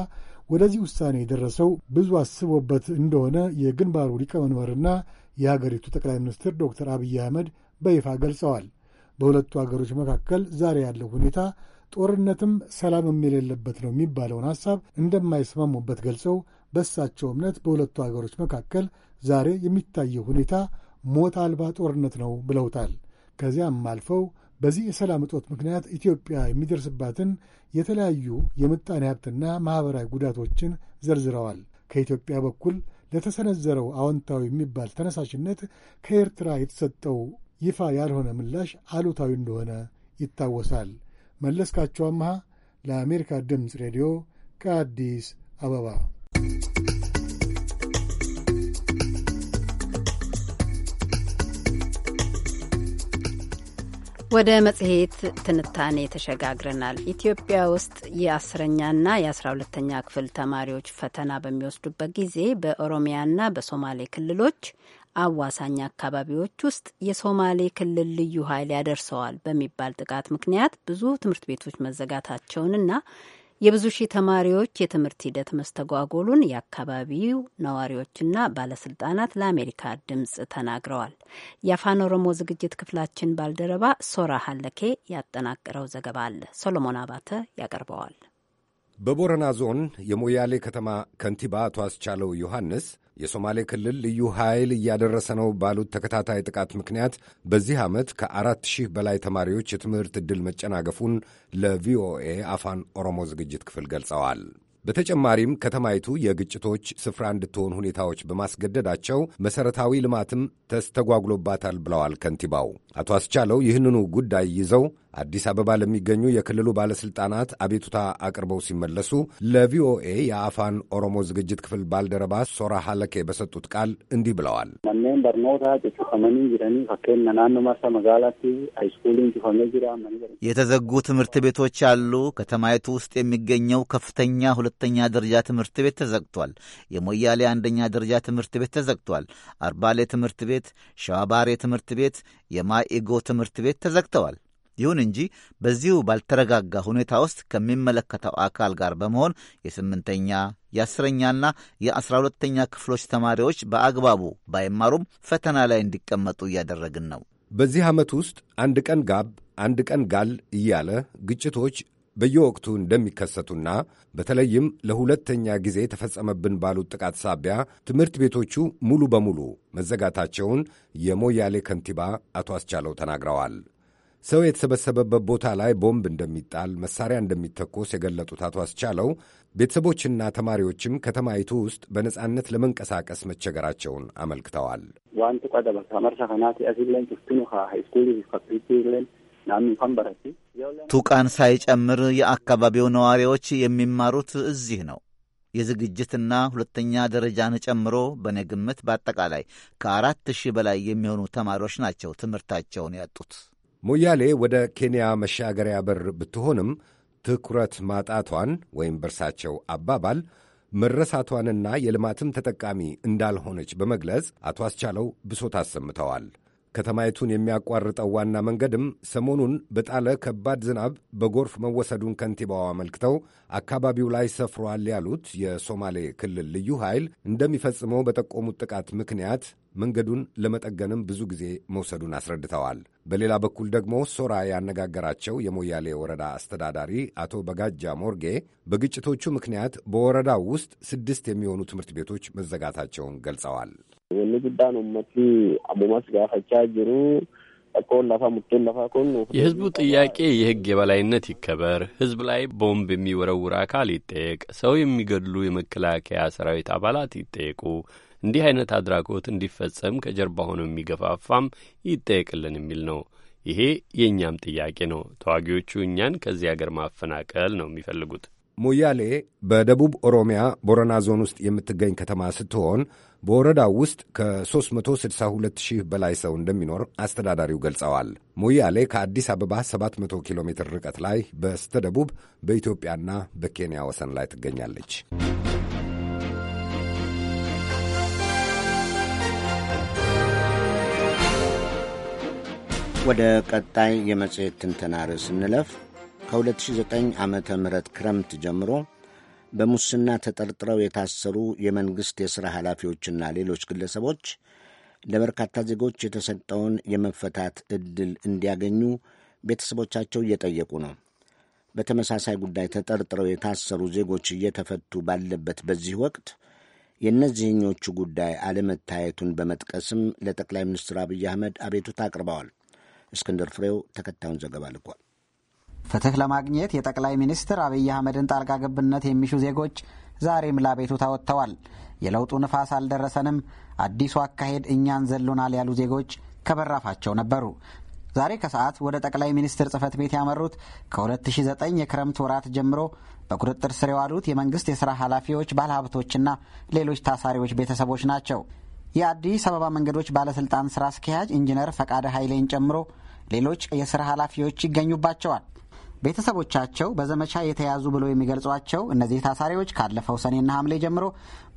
ወደዚህ ውሳኔ የደረሰው ብዙ አስቦበት እንደሆነ የግንባሩ ሊቀመንበርና የሀገሪቱ ጠቅላይ ሚኒስትር ዶክተር አብይ አህመድ በይፋ ገልጸዋል። በሁለቱ አገሮች መካከል ዛሬ ያለው ሁኔታ ጦርነትም ሰላምም የሌለበት ነው የሚባለውን ሐሳብ እንደማይስማሙበት ገልጸው በእሳቸው እምነት በሁለቱ አገሮች መካከል ዛሬ የሚታየው ሁኔታ ሞት አልባ ጦርነት ነው ብለውታል። ከዚያም አልፈው በዚህ የሰላም እጦት ምክንያት ኢትዮጵያ የሚደርስባትን የተለያዩ የምጣኔ ሀብትና ማኅበራዊ ጉዳቶችን ዘርዝረዋል። ከኢትዮጵያ በኩል ለተሰነዘረው አዎንታዊ የሚባል ተነሳሽነት ከኤርትራ የተሰጠው ይፋ ያልሆነ ምላሽ አሉታዊ እንደሆነ ይታወሳል። መለስካቸው አምሃ ለአሜሪካ ድምፅ ሬዲዮ ከአዲስ አበባ ወደ መጽሔት ትንታኔ ተሸጋግረናል። ኢትዮጵያ ውስጥ የአስረኛና የአስራ ሁለተኛ ክፍል ተማሪዎች ፈተና በሚወስዱበት ጊዜ በኦሮሚያና በሶማሌ ክልሎች አዋሳኝ አካባቢዎች ውስጥ የሶማሌ ክልል ልዩ ኃይል ያደርሰዋል በሚባል ጥቃት ምክንያት ብዙ ትምህርት ቤቶች መዘጋታቸውንና የብዙ ሺህ ተማሪዎች የትምህርት ሂደት መስተጓጎሉን የአካባቢው ነዋሪዎችና ባለስልጣናት ለአሜሪካ ድምጽ ተናግረዋል። የአፋን ኦሮሞ ዝግጅት ክፍላችን ባልደረባ ሶራ ሀለኬ ያጠናቀረው ዘገባ አለ። ሶሎሞን አባተ ያቀርበዋል። በቦረና ዞን የሞያሌ ከተማ ከንቲባ አቶ አስቻለው ዮሐንስ የሶማሌ ክልል ልዩ ኃይል እያደረሰ ነው ባሉት ተከታታይ ጥቃት ምክንያት በዚህ ዓመት ከአራት ሺህ በላይ ተማሪዎች የትምህርት ዕድል መጨናገፉን ለቪኦኤ አፋን ኦሮሞ ዝግጅት ክፍል ገልጸዋል። በተጨማሪም ከተማይቱ የግጭቶች ስፍራ እንድትሆን ሁኔታዎች በማስገደዳቸው መሠረታዊ ልማትም ተስተጓጉሎባታል ብለዋል ከንቲባው። አቶ አስቻለው ይህንኑ ጉዳይ ይዘው አዲስ አበባ ለሚገኙ የክልሉ ባለሥልጣናት አቤቱታ አቅርበው ሲመለሱ ለቪኦኤ የአፋን ኦሮሞ ዝግጅት ክፍል ባልደረባ ሶራ ሀለኬ በሰጡት ቃል እንዲህ ብለዋል። የተዘጉ ትምህርት ቤቶች አሉ። ከተማይቱ ውስጥ የሚገኘው ከፍተኛ ሁለተኛ ደረጃ ትምህርት ቤት ተዘግቷል። የሞያሌ አንደኛ ደረጃ ትምህርት ቤት ተዘግቷል። አርባሌ ትምህርት ቤት፣ ሸዋባሬ ትምህርት ቤት፣ የማኢጎ ትምህርት ቤት ተዘግተዋል። ይሁን እንጂ በዚሁ ባልተረጋጋ ሁኔታ ውስጥ ከሚመለከተው አካል ጋር በመሆን የስምንተኛ የአስረኛና የአስራ ሁለተኛ ክፍሎች ተማሪዎች በአግባቡ ባይማሩም ፈተና ላይ እንዲቀመጡ እያደረግን ነው። በዚህ ዓመት ውስጥ አንድ ቀን ጋብ አንድ ቀን ጋል እያለ ግጭቶች በየወቅቱ እንደሚከሰቱና በተለይም ለሁለተኛ ጊዜ ተፈጸመብን ባሉት ጥቃት ሳቢያ ትምህርት ቤቶቹ ሙሉ በሙሉ መዘጋታቸውን የሞያሌ ከንቲባ አቶ አስቻለው ተናግረዋል። ሰው የተሰበሰበበት ቦታ ላይ ቦምብ እንደሚጣል፣ መሳሪያ እንደሚተኮስ የገለጡት አቶ አስቻለው ቤተሰቦችና ተማሪዎችም ከተማይቱ ውስጥ በነጻነት ለመንቀሳቀስ መቸገራቸውን አመልክተዋል። ቱቃን ሳይጨምር የአካባቢው ነዋሪዎች የሚማሩት እዚህ ነው። የዝግጅትና ሁለተኛ ደረጃን ጨምሮ በእኔ ግምት በአጠቃላይ ከአራት ሺህ በላይ የሚሆኑ ተማሪዎች ናቸው ትምህርታቸውን ያጡት። ሞያሌ ወደ ኬንያ መሻገሪያ በር ብትሆንም ትኩረት ማጣቷን ወይም በርሳቸው አባባል መረሳቷንና የልማትም ተጠቃሚ እንዳልሆነች በመግለጽ አቶ አስቻለው ብሶት አሰምተዋል። ከተማይቱን የሚያቋርጠው ዋና መንገድም ሰሞኑን በጣለ ከባድ ዝናብ በጎርፍ መወሰዱን ከንቲባው አመልክተው አካባቢው ላይ ሰፍሯል ያሉት የሶማሌ ክልል ልዩ ኃይል እንደሚፈጽመው በጠቆሙት ጥቃት ምክንያት መንገዱን ለመጠገንም ብዙ ጊዜ መውሰዱን አስረድተዋል። በሌላ በኩል ደግሞ ሶራ ያነጋገራቸው የሞያሌ ወረዳ አስተዳዳሪ አቶ በጋጃ ሞርጌ በግጭቶቹ ምክንያት በወረዳው ውስጥ ስድስት የሚሆኑ ትምህርት ቤቶች መዘጋታቸውን ገልጸዋል። የህዝቡ ጥያቄ የህግ የበላይነት ይከበር፣ ህዝብ ላይ ቦምብ የሚወረውር አካል ይጠየቅ፣ ሰው የሚገድሉ የመከላከያ ሰራዊት አባላት ይጠየቁ እንዲህ አይነት አድራጎት እንዲፈጸም ከጀርባ ሆኖ የሚገፋፋም ይጠየቅልን የሚል ነው። ይሄ የእኛም ጥያቄ ነው። ተዋጊዎቹ እኛን ከዚህ አገር ማፈናቀል ነው የሚፈልጉት። ሙያሌ በደቡብ ኦሮሚያ ቦረና ዞን ውስጥ የምትገኝ ከተማ ስትሆን በወረዳው ውስጥ ከ362 ሺህ በላይ ሰው እንደሚኖር አስተዳዳሪው ገልጸዋል። ሙያሌ ከአዲስ አበባ 700 ኪሎ ሜትር ርቀት ላይ በስተ ደቡብ በኢትዮጵያና በኬንያ ወሰን ላይ ትገኛለች። ወደ ቀጣይ የመጽሔት ትንተና ርዕስ ስንለፍ ከ2009 ዓመተ ምህረት ክረምት ጀምሮ በሙስና ተጠርጥረው የታሰሩ የመንግሥት የሥራ ኃላፊዎችና ሌሎች ግለሰቦች ለበርካታ ዜጎች የተሰጠውን የመፈታት ዕድል እንዲያገኙ ቤተሰቦቻቸው እየጠየቁ ነው። በተመሳሳይ ጉዳይ ተጠርጥረው የታሰሩ ዜጎች እየተፈቱ ባለበት በዚህ ወቅት የእነዚህኞቹ ጉዳይ አለመታየቱን በመጥቀስም ለጠቅላይ ሚኒስትር አብይ አህመድ አቤቱታ አቅርበዋል። እስክንድር ፍሬው ተከታዩን ዘገባ ልኳል። ፍትህ ለማግኘት የጠቅላይ ሚኒስትር አብይ አህመድን ጣልቃ ገብነት የሚሹ ዜጎች ዛሬም ላቤቱ ወጥተዋል። የለውጡ ንፋስ አልደረሰንም፣ አዲሱ አካሄድ እኛን ዘሎናል ያሉ ዜጎች ከበራፋቸው ነበሩ። ዛሬ ከሰዓት ወደ ጠቅላይ ሚኒስትር ጽህፈት ቤት ያመሩት ከ2009 የክረምት ወራት ጀምሮ በቁጥጥር ስር የዋሉት የመንግስት የሥራ ኃላፊዎች፣ ባለሀብቶችና ሌሎች ታሳሪዎች ቤተሰቦች ናቸው። የአዲስ አበባ መንገዶች ባለስልጣን ስራ አስኪያጅ ኢንጂነር ፈቃደ ኃይሌን ጨምሮ ሌሎች የስራ ኃላፊዎች ይገኙባቸዋል። ቤተሰቦቻቸው በዘመቻ የተያዙ ብሎ የሚገልጿቸው እነዚህ ታሳሪዎች ካለፈው ሰኔና ሐምሌ ጀምሮ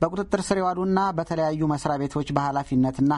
በቁጥጥር ስር የዋሉና በተለያዩ መስሪያ ቤቶች በኃላፊነትና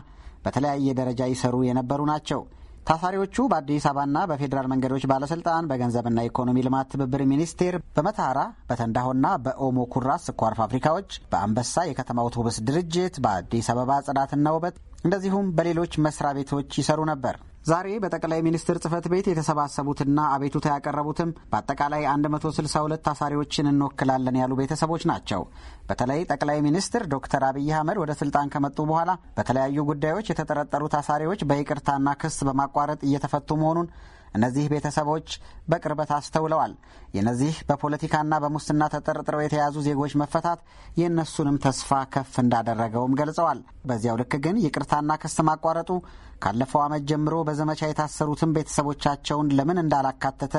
በተለያየ ደረጃ ይሰሩ የነበሩ ናቸው። ታሳሪዎቹ በአዲስ አበባና በፌዴራል መንገዶች ባለስልጣን በገንዘብና ኢኮኖሚ ልማት ትብብር ሚኒስቴር በመታራ በተንዳሆና በኦሞ ኩራ ስኳር ፋብሪካዎች በአንበሳ የከተማ አውቶቡስ ድርጅት በአዲስ አበባ ጽዳትና ውበት እንደዚሁም በሌሎች መስሪያ ቤቶች ይሰሩ ነበር። ዛሬ በጠቅላይ ሚኒስትር ጽህፈት ቤት የተሰባሰቡትና አቤቱታ ያቀረቡትም በአጠቃላይ 162 ታሳሪዎችን እንወክላለን ያሉ ቤተሰቦች ናቸው። በተለይ ጠቅላይ ሚኒስትር ዶክተር አብይ አህመድ ወደ ስልጣን ከመጡ በኋላ በተለያዩ ጉዳዮች የተጠረጠሩ ታሳሪዎች በይቅርታና ክስ በማቋረጥ እየተፈቱ መሆኑን እነዚህ ቤተሰቦች በቅርበት አስተውለዋል። የእነዚህ በፖለቲካና በሙስና ተጠርጥረው የተያዙ ዜጎች መፈታት የእነሱንም ተስፋ ከፍ እንዳደረገውም ገልጸዋል። በዚያው ልክ ግን ይቅርታና ክስ ማቋረጡ ካለፈው ዓመት ጀምሮ በዘመቻ የታሰሩትን ቤተሰቦቻቸውን ለምን እንዳላካተተ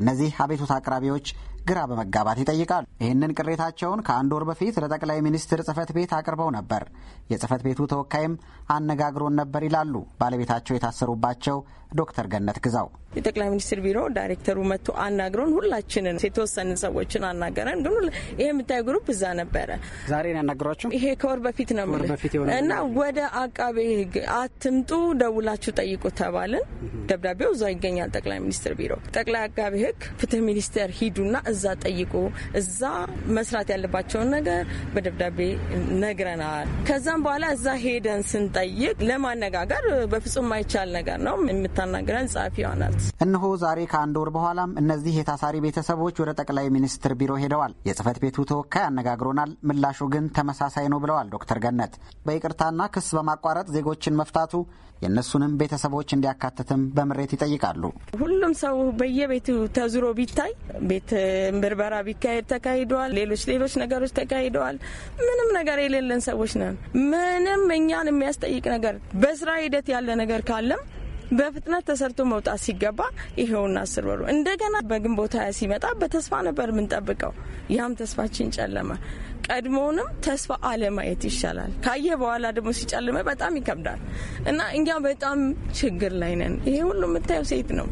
እነዚህ አቤቱታ አቅራቢዎች ግራ በመጋባት ይጠይቃሉ። ይህንን ቅሬታቸውን ከአንድ ወር በፊት ለጠቅላይ ሚኒስትር ጽህፈት ቤት አቅርበው ነበር። የጽህፈት ቤቱ ተወካይም አነጋግሮን ነበር ይላሉ ባለቤታቸው የታሰሩባቸው ዶክተር ገነት ግዛው። የጠቅላይ ሚኒስትር ቢሮ ዳይሬክተሩ መጥቶ አናግሮን ሁላችንን የተወሰንን ሰዎችን አናገረን። ግን ይሄ የምታየው ግሩፕ እዛ ነበረ። ዛሬ ያናግሯቸው ይሄ ከወር በፊት ነው እና ወደ አቃቤ ህግ አትምጡ ደውላችሁ ጠይቁ ተባልን። ደብዳቤው እዛ ይገኛል ጠቅላይ ሚኒስትር ቢሮ። ጠቅላይ አቃቤ ህግ ፍትህ ሚኒስቴር ሂዱና እዛ ጠይቁ፣ እዛ መስራት ያለባቸውን ነገር በደብዳቤ ነግረናል። ከዛም በኋላ እዛ ሄደን ስንጠይቅ ለማነጋገር በፍጹም ማይቻል ነገር ነው። የምታናግረን ጸሐፊዋ ናት። እነሆ ዛሬ ከአንድ ወር በኋላም እነዚህ የታሳሪ ቤተሰቦች ወደ ጠቅላይ ሚኒስትር ቢሮ ሄደዋል። የጽህፈት ቤቱ ተወካይ አነጋግሮናል። ምላሹ ግን ተመሳሳይ ነው ብለዋል ዶክተር ገነት በይቅርታና ክስ በማቋረጥ ዜጎችን መፍታቱ የእነሱንም ቤተሰቦች እንዲያካትትም በምሬት ይጠይቃሉ። ሁሉም ሰው በየቤቱ ተዙሮ ቢታይ ቤት ምርመራ ቢካሄድ ተካሂደዋል። ሌሎች ሌሎች ነገሮች ተካሂደዋል። ምንም ነገር የሌለን ሰዎች ነን። ምንም እኛን የሚያስጠይቅ ነገር በስራ ሂደት ያለ ነገር ካለም በፍጥነት ተሰርቶ መውጣት ሲገባ ይሄውን አስር ወሩ እንደገና በግንቦት ሀያ ሲመጣ በተስፋ ነበር የምንጠብቀው። ያም ተስፋችን ጨለመ። ቀድሞውንም ተስፋ አለማየት ይሻላል። ካየ በኋላ ደግሞ ሲጨልመ በጣም ይከብዳል እና እኛ በጣም ችግር ላይ ነን። ይሄ ሁሉ የምታየው ሴት ነው።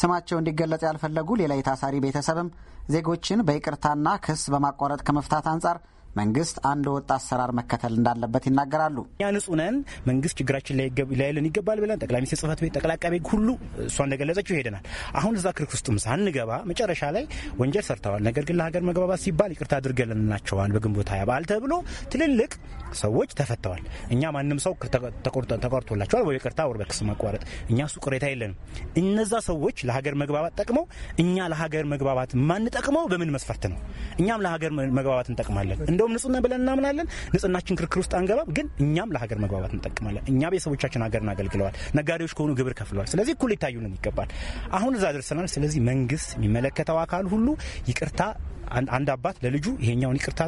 ስማቸው እንዲገለጽ ያልፈለጉ ሌላ የታሳሪ ቤተሰብም ዜጎችን በይቅርታና ክስ በማቋረጥ ከመፍታት አንጻር መንግስት አንድ ወጥ አሰራር መከተል እንዳለበት ይናገራሉ። እኛ ንጹህ ነን፣ መንግስት ችግራችን ላይልን ይገባል ብለን ጠቅላይ ሚኒስትር ጽህፈት ቤት፣ ጠቅላይ አቃቤ ሁሉ እሷ እንደገለጸችው ይሄደናል። አሁን እዛ ክርክ ውስጥም ሳንገባ መጨረሻ ላይ ወንጀል ሰርተዋል፣ ነገር ግን ለሀገር መግባባት ሲባል ይቅርታ አድርገንላቸዋል በግንቦት ሀያ በዓል ተብሎ ትልልቅ ሰዎች ተፈተዋል። እኛ ማንም ሰው ተቆርቶላቸዋል ወይ ቅርታ ወር በክስ እኛ እሱ ቅሬታ የለንም። እነዛ ሰዎች ለሀገር መግባባት ጠቅመው እኛ ለሀገር መግባባት ማንጠቅመው በምን መስፈርት ነው? እኛም ለሀገር መግባባት እንጠቅማለን እንደውም ነን ብለን እናምናለን። ንጽህናችን ክርክር ውስጥ አንገባም። ግን እኛም ለሀገር መግባባት እንጠቅማለን። እኛ ቤተሰቦቻችን ሀገርን አገልግለዋል። ነጋዴዎች ከሆኑ ግብር ከፍለዋል። ስለዚህ እኩል ሊታዩልን ይገባል። አሁን እዛ ደርሰናል። ስለዚህ መንግስት፣ የሚመለከተው አካል ሁሉ ይቅርታ አንድ አባት ለልጁ ይሄኛውን ይቅርታ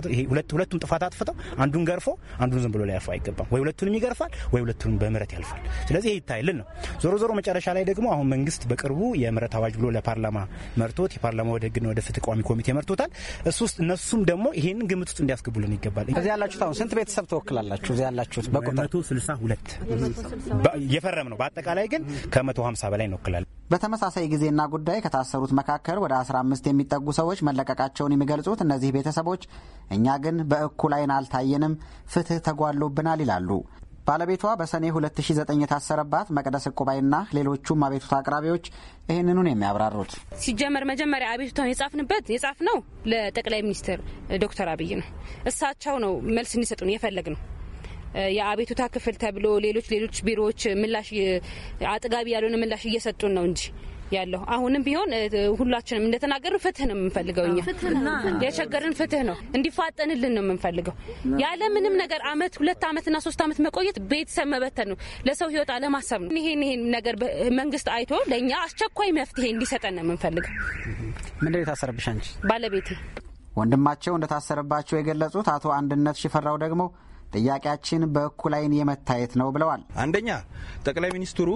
ሁለቱም ጥፋት አጥፍተው አንዱን ገርፎ አንዱን ዝም ብሎ ሊያልፎ አይገባም። ወይ ሁለቱንም ይገርፋል፣ ወይ ሁለቱንም በምህረት ያልፋል። ስለዚህ ይሄ ይታይልን ነው። ዞሮ ዞሮ መጨረሻ ላይ ደግሞ አሁን መንግስት በቅርቡ የምህረት አዋጅ ብሎ ለፓርላማ መርቶት የፓርላማ ወደ ህግና ወደ ፍትህ ቋሚ ኮሚቴ መርቶታል። እሱ ውስጥ እነሱም ደግሞ ይሄንን ግምት ውስጥ እንዲያስገቡልን ይገባል። እዚህ ያላችሁት አሁን ስንት ቤተሰብ ተወክላላችሁ? እዚህ ያላችሁት በቁጥር ስልሳ ሁለት የፈረም ነው። በአጠቃላይ ግን ከመቶ ሀምሳ በላይ እንወክላለን። በተመሳሳይ ጊዜና ጉዳይ ከታሰሩት መካከል ወደ 15 የሚጠጉ ሰዎች መለቀቃቸውን መሆናቸውን የሚገልጹት እነዚህ ቤተሰቦች እኛ ግን በእኩል ዓይን አልታየንም፣ ፍትህ ተጓሎብናል ይላሉ። ባለቤቷ በሰኔ 2009 የታሰረባት መቅደስ እቁባይና ሌሎቹም አቤቱታ አቅራቢዎች ይህንኑን የሚያብራሩት። ሲጀመር መጀመሪያ አቤቱታውን የጻፍንበት የጻፍ ነው ለጠቅላይ ሚኒስትር ዶክተር አብይ ነው። እሳቸው ነው መልስ እንዲሰጡን የፈለግ ነው። የአቤቱታ ክፍል ተብሎ ሌሎች ሌሎች ቢሮዎች ምላሽ አጥጋቢ ያልሆነ ምላሽ እየሰጡን ነው እንጂ ያለው። አሁንም ቢሆን ሁላችንም እንደተናገርን ፍትህ ነው የምንፈልገው። እኛ የቸገርን ፍትህ ነው እንዲፋጠንልን ነው የምንፈልገው። ያለ ምንም ነገር አመት ሁለት አመትና ሶስት አመት መቆየት ቤተሰብ መበተን ነው፣ ለሰው ህይወት አለማሰብ ነው። ይሄን ይሄን ነገር መንግስት አይቶ ለእኛ አስቸኳይ መፍትሄ እንዲሰጠን ነው የምንፈልገው። ምንድን የታሰረብሽ አንቺ? ባለቤቴ። ወንድማቸው እንደታሰረባቸው የገለጹት አቶ አንድነት ሽፈራው ደግሞ ጥያቄያችን በእኩል አይን የመታየት ነው ብለዋል። አንደኛ ጠቅላይ ሚኒስትሩ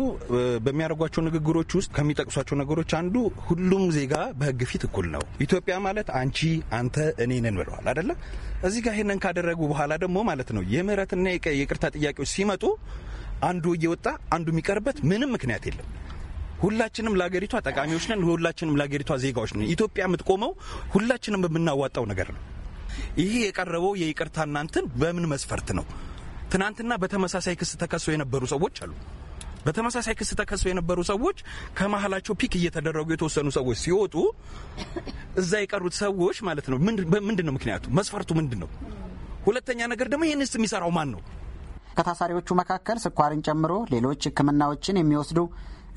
በሚያደርጓቸው ንግግሮች ውስጥ ከሚጠቅሷቸው ነገሮች አንዱ ሁሉም ዜጋ በህግ ፊት እኩል ነው፣ ኢትዮጵያ ማለት አንቺ፣ አንተ፣ እኔ ነን ብለዋል አይደለም። እዚህ ጋር ይህንን ካደረጉ በኋላ ደግሞ ማለት ነው የምህረትና የቅርታ ጥያቄዎች ሲመጡ አንዱ እየወጣ አንዱ የሚቀርበት ምንም ምክንያት የለም። ሁላችንም ለሀገሪቷ ጠቃሚዎች ነን። ሁላችንም ለሀገሪቷ ዜጋዎች ነን። ኢትዮጵያ የምትቆመው ሁላችንም የምናዋጣው ነገር ነው። ይሄ የቀረበው የይቅርታ እናንትን በምን መስፈርት ነው? ትናንትና በተመሳሳይ ክስ ተከሰው የነበሩ ሰዎች አሉ። በተመሳሳይ ክስ ተከሰው የነበሩ ሰዎች ከመሀላቸው ፒክ እየተደረጉ የተወሰኑ ሰዎች ሲወጡ እዛ የቀሩት ሰዎች ማለት ነው። ምንድን ነው ምክንያቱ? መስፈርቱ ምንድን ነው? ሁለተኛ ነገር ደግሞ ስ የሚሰራው ማን ነው? ከታሳሪዎቹ መካከል ስኳርን ጨምሮ ሌሎች ሕክምናዎችን የሚወስዱ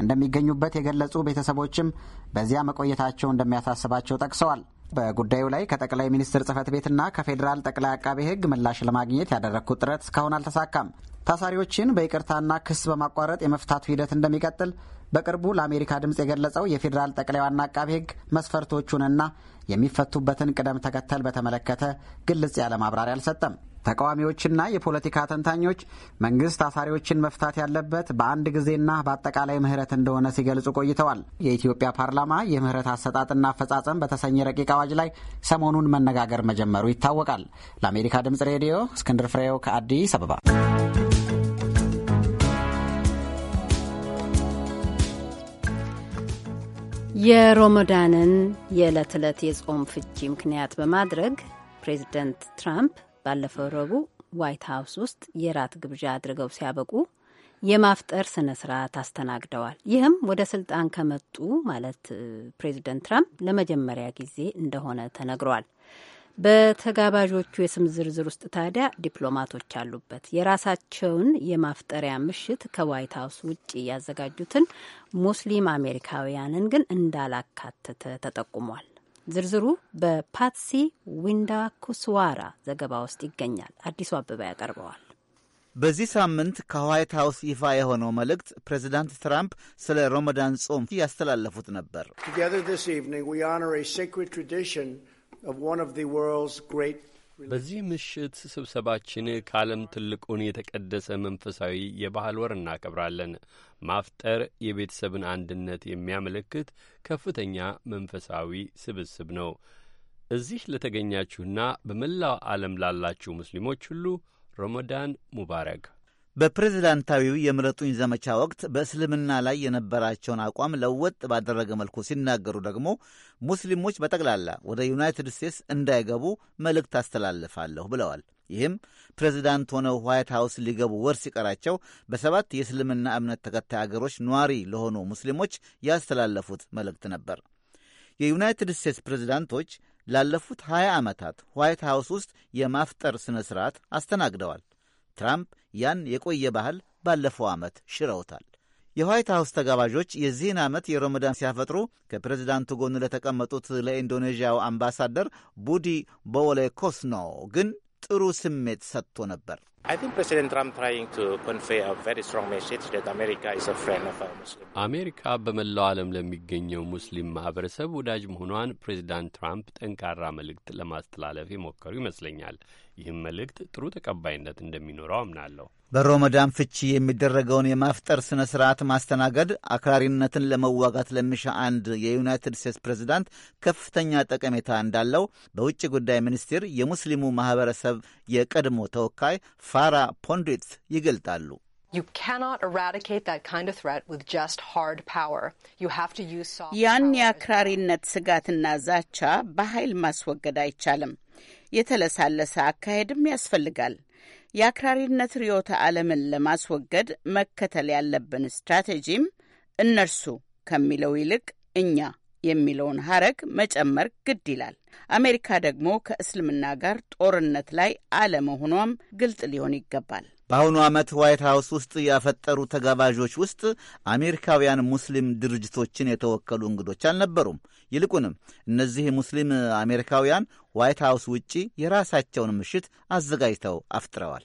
እንደሚገኙበት የገለጹ ቤተሰቦችም በዚያ መቆየታቸው እንደሚያሳስባቸው ጠቅሰዋል። በጉዳዩ ላይ ከጠቅላይ ሚኒስትር ጽህፈት ቤትና ከፌዴራል ጠቅላይ አቃቤ ሕግ ምላሽ ለማግኘት ያደረግኩት ጥረት እስካሁን አልተሳካም። ታሳሪዎችን በይቅርታና ክስ በማቋረጥ የመፍታቱ ሂደት እንደሚቀጥል በቅርቡ ለአሜሪካ ድምፅ የገለጸው የፌዴራል ጠቅላይ ዋና አቃቤ ሕግ መስፈርቶቹንና የሚፈቱበትን ቅደም ተከተል በተመለከተ ግልጽ ያለ ማብራሪያ አልሰጠም። ተቃዋሚዎችና የፖለቲካ ተንታኞች መንግስት አሳሪዎችን መፍታት ያለበት በአንድ ጊዜና በአጠቃላይ ምህረት እንደሆነ ሲገልጹ ቆይተዋል። የኢትዮጵያ ፓርላማ የምህረት አሰጣጥና አፈጻጸም በተሰኘ ረቂቅ አዋጅ ላይ ሰሞኑን መነጋገር መጀመሩ ይታወቃል። ለአሜሪካ ድምጽ ሬዲዮ እስክንድር ፍሬው ከአዲስ አበባ። የሮመዳንን የዕለት ዕለት የጾም ፍቺ ምክንያት በማድረግ ፕሬዚደንት ትራምፕ ባለፈው ረቡዕ ዋይት ሀውስ ውስጥ የራት ግብዣ አድርገው ሲያበቁ የማፍጠር ስነ ስርዓት አስተናግደዋል። ይህም ወደ ስልጣን ከመጡ ማለት ፕሬዚደንት ትራምፕ ለመጀመሪያ ጊዜ እንደሆነ ተነግሯል። በተጋባዦቹ የስም ዝርዝር ውስጥ ታዲያ ዲፕሎማቶች አሉበት። የራሳቸውን የማፍጠሪያ ምሽት ከዋይት ሀውስ ውጭ ያዘጋጁትን ሙስሊም አሜሪካውያንን ግን እንዳላካተተ ተጠቁሟል። ዝርዝሩ በፓትሲ ዊንዳኩስዋራ ዘገባ ውስጥ ይገኛል። አዲሱ አበባ ያቀርበዋል። በዚህ ሳምንት ከዋይት ሀውስ ይፋ የሆነው መልእክት ፕሬዚዳንት ትራምፕ ስለ ሮመዳን ጾም ያስተላለፉት ነበር። በዚህ ምሽት ስብሰባችን ከዓለም ትልቁን የተቀደሰ መንፈሳዊ የባህል ወር እናከብራለን። ማፍጠር የቤተሰብን አንድነት የሚያመለክት ከፍተኛ መንፈሳዊ ስብስብ ነው። እዚህ ለተገኛችሁና በመላው ዓለም ላላችሁ ሙስሊሞች ሁሉ ረመዳን ሙባረክ። በፕሬዝዳንታዊው የምረጡኝ ዘመቻ ወቅት በእስልምና ላይ የነበራቸውን አቋም ለወጥ ባደረገ መልኩ ሲናገሩ ደግሞ ሙስሊሞች በጠቅላላ ወደ ዩናይትድ ስቴትስ እንዳይገቡ መልእክት አስተላልፋለሁ ብለዋል። ይህም ፕሬዝዳንት ሆነው ዋይት ሀውስ ሊገቡ ወር ሲቀራቸው በሰባት የእስልምና እምነት ተከታይ አገሮች ነዋሪ ለሆኑ ሙስሊሞች ያስተላለፉት መልእክት ነበር። የዩናይትድ ስቴትስ ፕሬዝዳንቶች ላለፉት 20 ዓመታት ዋይት ሀውስ ውስጥ የማፍጠር ሥነ ሥርዓት አስተናግደዋል። ትራምፕ ያን የቆየ ባህል ባለፈው ዓመት ሽረውታል። የዋይት ሀውስ ተጋባዦች የዚህን ዓመት የሮመዳን ሲያፈጥሩ ከፕሬዚዳንቱ ጎን ለተቀመጡት ለኢንዶኔዥያው አምባሳደር ቡዲ ነው። ግን ጥሩ ስሜት ሰጥቶ ነበር። አሜሪካ በመላው ዓለም ለሚገኘው ሙስሊም ማህበረሰብ ወዳጅ መሆኗን ፕሬዚዳንት ትራምፕ ጠንካራ መልእክት ለማስተላለፍ የሞከሩ ይመስለኛል። ይህም መልእክት ጥሩ ተቀባይነት እንደሚኖረው አምናለሁ። በሮመዳን ፍቺ የሚደረገውን የማፍጠር ስነ ስርዓት ማስተናገድ አክራሪነትን ለመዋጋት ለሚሻ አንድ የዩናይትድ ስቴትስ ፕሬዚዳንት ከፍተኛ ጠቀሜታ እንዳለው በውጭ ጉዳይ ሚኒስቴር የሙስሊሙ ማህበረሰብ የቀድሞ ተወካይ ፋራ ፖንዲት ይገልጣሉ። ያን የአክራሪነት ስጋትና ዛቻ በኃይል ማስወገድ አይቻልም። የተለሳለሰ አካሄድም ያስፈልጋል። የአክራሪነት ርዕዮተ ዓለምን ለማስወገድ መከተል ያለብን ስትራቴጂም እነርሱ ከሚለው ይልቅ እኛ የሚለውን ሀረግ መጨመር ግድ ይላል። አሜሪካ ደግሞ ከእስልምና ጋር ጦርነት ላይ አለመሆኗም ግልጽ ሊሆን ይገባል። በአሁኑ ዓመት ዋይት ሀውስ ውስጥ ያፈጠሩ ተጋባዦች ውስጥ አሜሪካውያን ሙስሊም ድርጅቶችን የተወከሉ እንግዶች አልነበሩም። ይልቁንም እነዚህ ሙስሊም አሜሪካውያን ዋይት ሀውስ ውጪ የራሳቸውን ምሽት አዘጋጅተው አፍጥረዋል።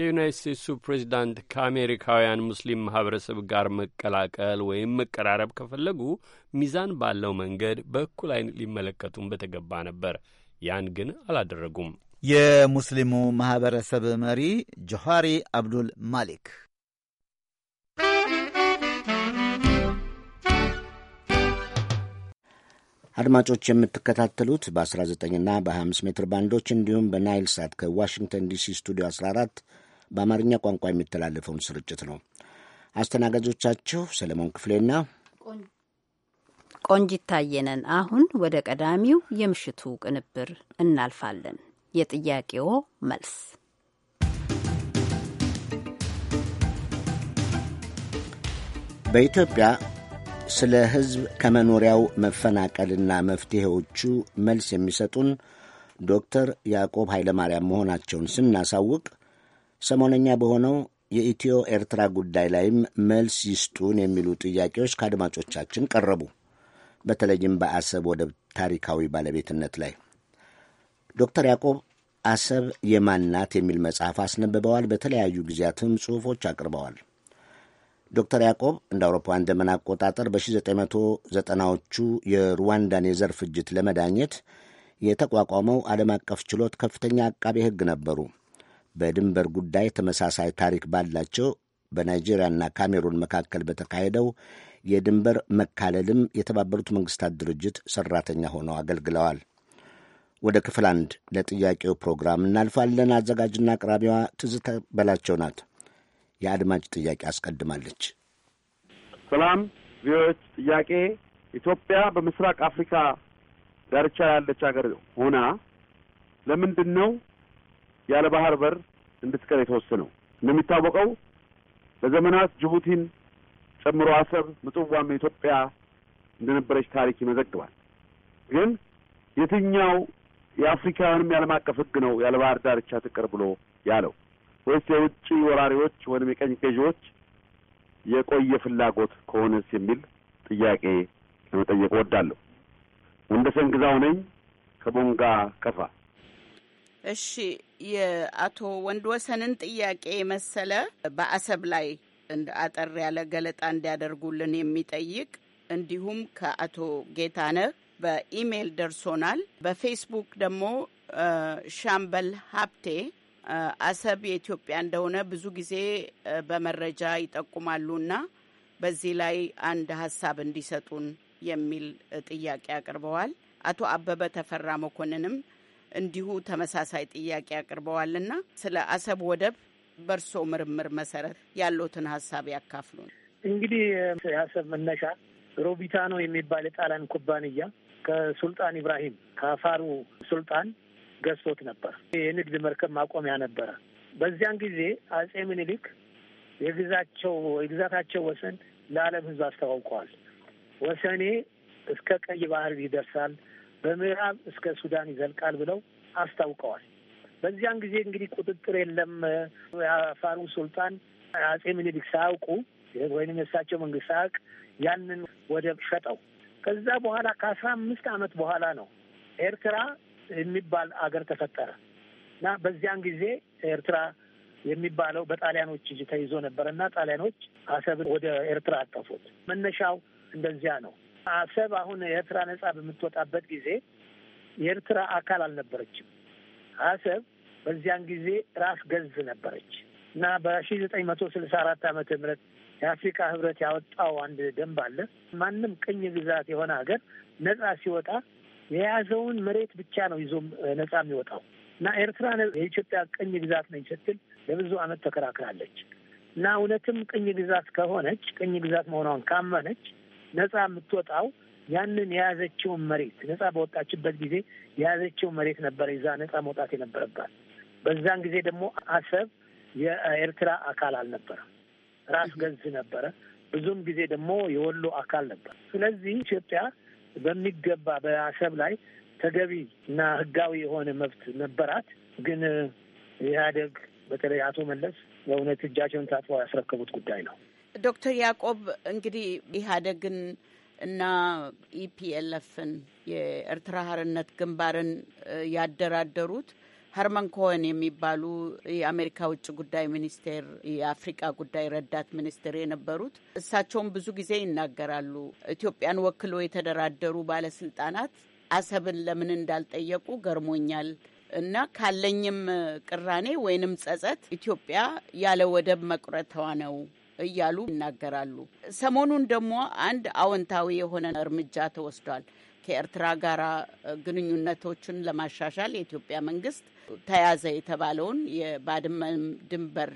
የዩናይት ስቴትሱ ፕሬዚዳንት ከአሜሪካውያን ሙስሊም ማህበረሰብ ጋር መቀላቀል ወይም መቀራረብ ከፈለጉ ሚዛን ባለው መንገድ በእኩል አይነት ሊመለከቱን በተገባ ነበር። ያን ግን አላደረጉም። የሙስሊሙ ማህበረሰብ መሪ ጆሃሪ አብዱል ማሊክ አድማጮች የምትከታተሉት በ19ና በ25 ሜትር ባንዶች እንዲሁም በናይል ሳት ከዋሽንግተን ዲሲ ስቱዲዮ 14 በአማርኛ ቋንቋ የሚተላለፈውን ስርጭት ነው። አስተናጋጆቻችሁ ሰለሞን ክፍሌና ቆንጂት ታየነን። አሁን ወደ ቀዳሚው የምሽቱ ቅንብር እናልፋለን። የጥያቄዎ መልስ በኢትዮጵያ ስለ ሕዝብ ከመኖሪያው መፈናቀልና መፍትሔዎቹ መልስ የሚሰጡን ዶክተር ያዕቆብ ኃይለማርያም መሆናቸውን ስናሳውቅ ሰሞነኛ በሆነው የኢትዮ ኤርትራ ጉዳይ ላይም መልስ ይስጡን የሚሉ ጥያቄዎች ከአድማጮቻችን ቀረቡ። በተለይም በአሰብ ወደብ ታሪካዊ ባለቤትነት ላይ ዶክተር ያዕቆብ አሰብ የማን ናት የሚል መጽሐፍ አስነብበዋል። በተለያዩ ጊዜያትም ጽሑፎች አቅርበዋል። ዶክተር ያዕቆብ እንደ አውሮፓውያን ዘመን አቆጣጠር በ1990ዎቹ የሩዋንዳን የዘር ፍጅት ለመዳኘት የተቋቋመው ዓለም አቀፍ ችሎት ከፍተኛ አቃቤ ሕግ ነበሩ። በድንበር ጉዳይ ተመሳሳይ ታሪክ ባላቸው በናይጄሪያና ካሜሩን መካከል በተካሄደው የድንበር መካለልም የተባበሩት መንግስታት ድርጅት ሰራተኛ ሆነው አገልግለዋል። ወደ ክፍል አንድ ለጥያቄው ፕሮግራም እናልፋለን። አዘጋጅና አቅራቢዋ ትዝታ በላቸው ናት። የአድማጭ ጥያቄ አስቀድማለች። ሰላም ቪዎች ጥያቄ ኢትዮጵያ በምስራቅ አፍሪካ ዳርቻ ያለች ሀገር ሆና ለምንድን ነው ያለ ባህር በር እንድትቀር የተወሰነው? እንደሚታወቀው ለዘመናት ጅቡቲን ጨምሮ አሰብ፣ ምጽዋም የኢትዮጵያ እንደነበረች ታሪክ ይመዘግባል። ግን የትኛው የአፍሪካውያንም የዓለም አቀፍ ሕግ ነው ያለ ባህር ዳርቻ ትቀር ብሎ ያለው? ወይስ የውጭ ወራሪዎች ወይም የቀኝ ገዢዎች የቆየ ፍላጎት ከሆነስ የሚል ጥያቄ ለመጠየቅ እወዳለሁ። ወንደሰን ግዛው ነኝ ከቦንጋ ከፋ። እሺ፣ የአቶ ወንድ ወሰንን ጥያቄ መሰለ በአሰብ ላይ አጠር ያለ ገለጣ እንዲያደርጉልን የሚጠይቅ እንዲሁም ከአቶ ጌታነህ በኢሜይል ደርሶናል። በፌስቡክ ደግሞ ሻምበል ሀብቴ አሰብ የኢትዮጵያ እንደሆነ ብዙ ጊዜ በመረጃ ይጠቁማሉ እና በዚህ ላይ አንድ ሀሳብ እንዲሰጡን የሚል ጥያቄ አቅርበዋል። አቶ አበበ ተፈራ መኮንንም እንዲሁ ተመሳሳይ ጥያቄ አቅርበዋልና ስለ አሰብ ወደብ በእርሶ ምርምር መሰረት ያሉትን ሀሳብ ያካፍሉን። እንግዲህ የአሰብ መነሻ ሮቢታኖ የሚባል የጣሊያን ኩባንያ ከሱልጣን ኢብራሂም ከአፋሩ ሱልጣን ገዝቶት ነበር። የንግድ መርከብ ማቆሚያ ነበረ። በዚያን ጊዜ አጼ ምኒልክ የግዛቸው የግዛታቸው ወሰን ለዓለም ሕዝብ አስተዋውቀዋል። ወሰኔ እስከ ቀይ ባህር ይደርሳል፣ በምዕራብ እስከ ሱዳን ይዘልቃል ብለው አስታውቀዋል። በዚያን ጊዜ እንግዲህ ቁጥጥር የለም። የአፋሩ ሱልጣን አጼ ምኒልክ ሳያውቁ ወይም የእሳቸው መንግስት ሳያውቅ ያንን ወደብ ሸጠው። ከዛ በኋላ ከአስራ አምስት ዓመት በኋላ ነው ኤርትራ የሚባል አገር ተፈጠረ እና በዚያን ጊዜ ኤርትራ የሚባለው በጣሊያኖች እጅ ተይዞ ነበር እና ጣሊያኖች አሰብን ወደ ኤርትራ አጠፉት። መነሻው እንደዚያ ነው። አሰብ አሁን የኤርትራ ነጻ በምትወጣበት ጊዜ የኤርትራ አካል አልነበረችም። አሰብ በዚያን ጊዜ ራስ ገዝ ነበረች እና በሺ ዘጠኝ መቶ ስልሳ አራት ዓመተ ምህረት የአፍሪካ ህብረት ያወጣው አንድ ደንብ አለ። ማንም ቅኝ ግዛት የሆነ ሀገር ነጻ ሲወጣ የያዘውን መሬት ብቻ ነው ይዞም ነጻ የሚወጣው እና ኤርትራ የኢትዮጵያ ቅኝ ግዛት ነኝ ስትል ለብዙ ዓመት ተከራክራለች እና እውነትም ቅኝ ግዛት ከሆነች ቅኝ ግዛት መሆኗን ካመነች ነጻ የምትወጣው ያንን የያዘችውን መሬት ነጻ በወጣችበት ጊዜ የያዘችውን መሬት ነበር ይዛ ነጻ መውጣት የነበረባት። በዛን ጊዜ ደግሞ አሰብ የኤርትራ አካል አልነበረም፣ ራስ ገዝ ነበረ። ብዙም ጊዜ ደግሞ የወሎ አካል ነበር። ስለዚህ ኢትዮጵያ በሚገባ በአሰብ ላይ ተገቢ እና ህጋዊ የሆነ መብት ነበራት። ግን ኢህአዴግ በተለይ አቶ መለስ በእውነት እጃቸውን ታጥፈው ያስረከቡት ጉዳይ ነው። ዶክተር ያዕቆብ እንግዲህ ኢህአዴግን እና ኢፒኤልኤፍን የኤርትራ ሀርነት ግንባርን ያደራደሩት ሀርማን ኮሆን የሚባሉ የአሜሪካ ውጭ ጉዳይ ሚኒስቴር የአፍሪቃ ጉዳይ ረዳት ሚኒስትር የነበሩት እሳቸውም ብዙ ጊዜ ይናገራሉ። ኢትዮጵያን ወክሎ የተደራደሩ ባለስልጣናት አሰብን ለምን እንዳልጠየቁ ገርሞኛል እና ካለኝም ቅራኔ ወይንም ጸጸት ኢትዮጵያ ያለ ወደብ መቁረተዋ ነው እያሉ ይናገራሉ። ሰሞኑን ደግሞ አንድ አዎንታዊ የሆነ እርምጃ ተወስዷል። ከኤርትራ ጋር ግንኙነቶችን ለማሻሻል የኢትዮጵያ መንግስት ተያዘ የተባለውን የባድመ ድንበር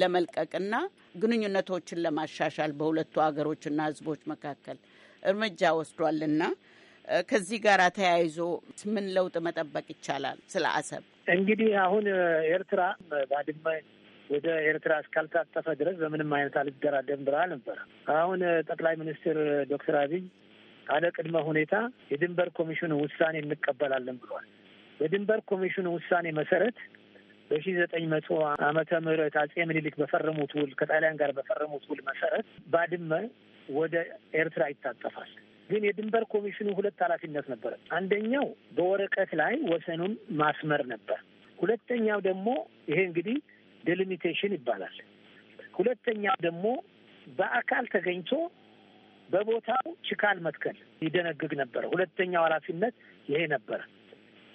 ለመልቀቅና ግንኙነቶችን ለማሻሻል በሁለቱ ሀገሮችና ህዝቦች መካከል እርምጃ ወስዷልና ከዚህ ጋር ተያይዞ ምን ለውጥ መጠበቅ ይቻላል? ስለ አሰብ እንግዲህ አሁን ኤርትራ ባድመ ወደ ኤርትራ እስካልታጠፈ ድረስ በምንም አይነት አልደራደርም ብላ ነበር። አሁን ጠቅላይ ሚኒስትር ዶክተር አብይ ያለ ቅድመ ሁኔታ የድንበር ኮሚሽኑ ውሳኔ እንቀበላለን ብሏል። በድንበር ኮሚሽኑ ውሳኔ መሰረት በሺ ዘጠኝ መቶ አመተ ምህረት አጼ ምኒልክ በፈረሙት ውል ከጣሊያን ጋር በፈረሙት ውል መሰረት ባድመ ወደ ኤርትራ ይታጠፋል። ግን የድንበር ኮሚሽኑ ሁለት ኃላፊነት ነበረ። አንደኛው በወረቀት ላይ ወሰኑን ማስመር ነበር። ሁለተኛው ደግሞ ይሄ እንግዲህ ዴሊሚቴሽን ይባላል። ሁለተኛው ደግሞ በአካል ተገኝቶ በቦታው ችካል መትከል ይደነግግ ነበረ። ሁለተኛው ኃላፊነት ይሄ ነበረ።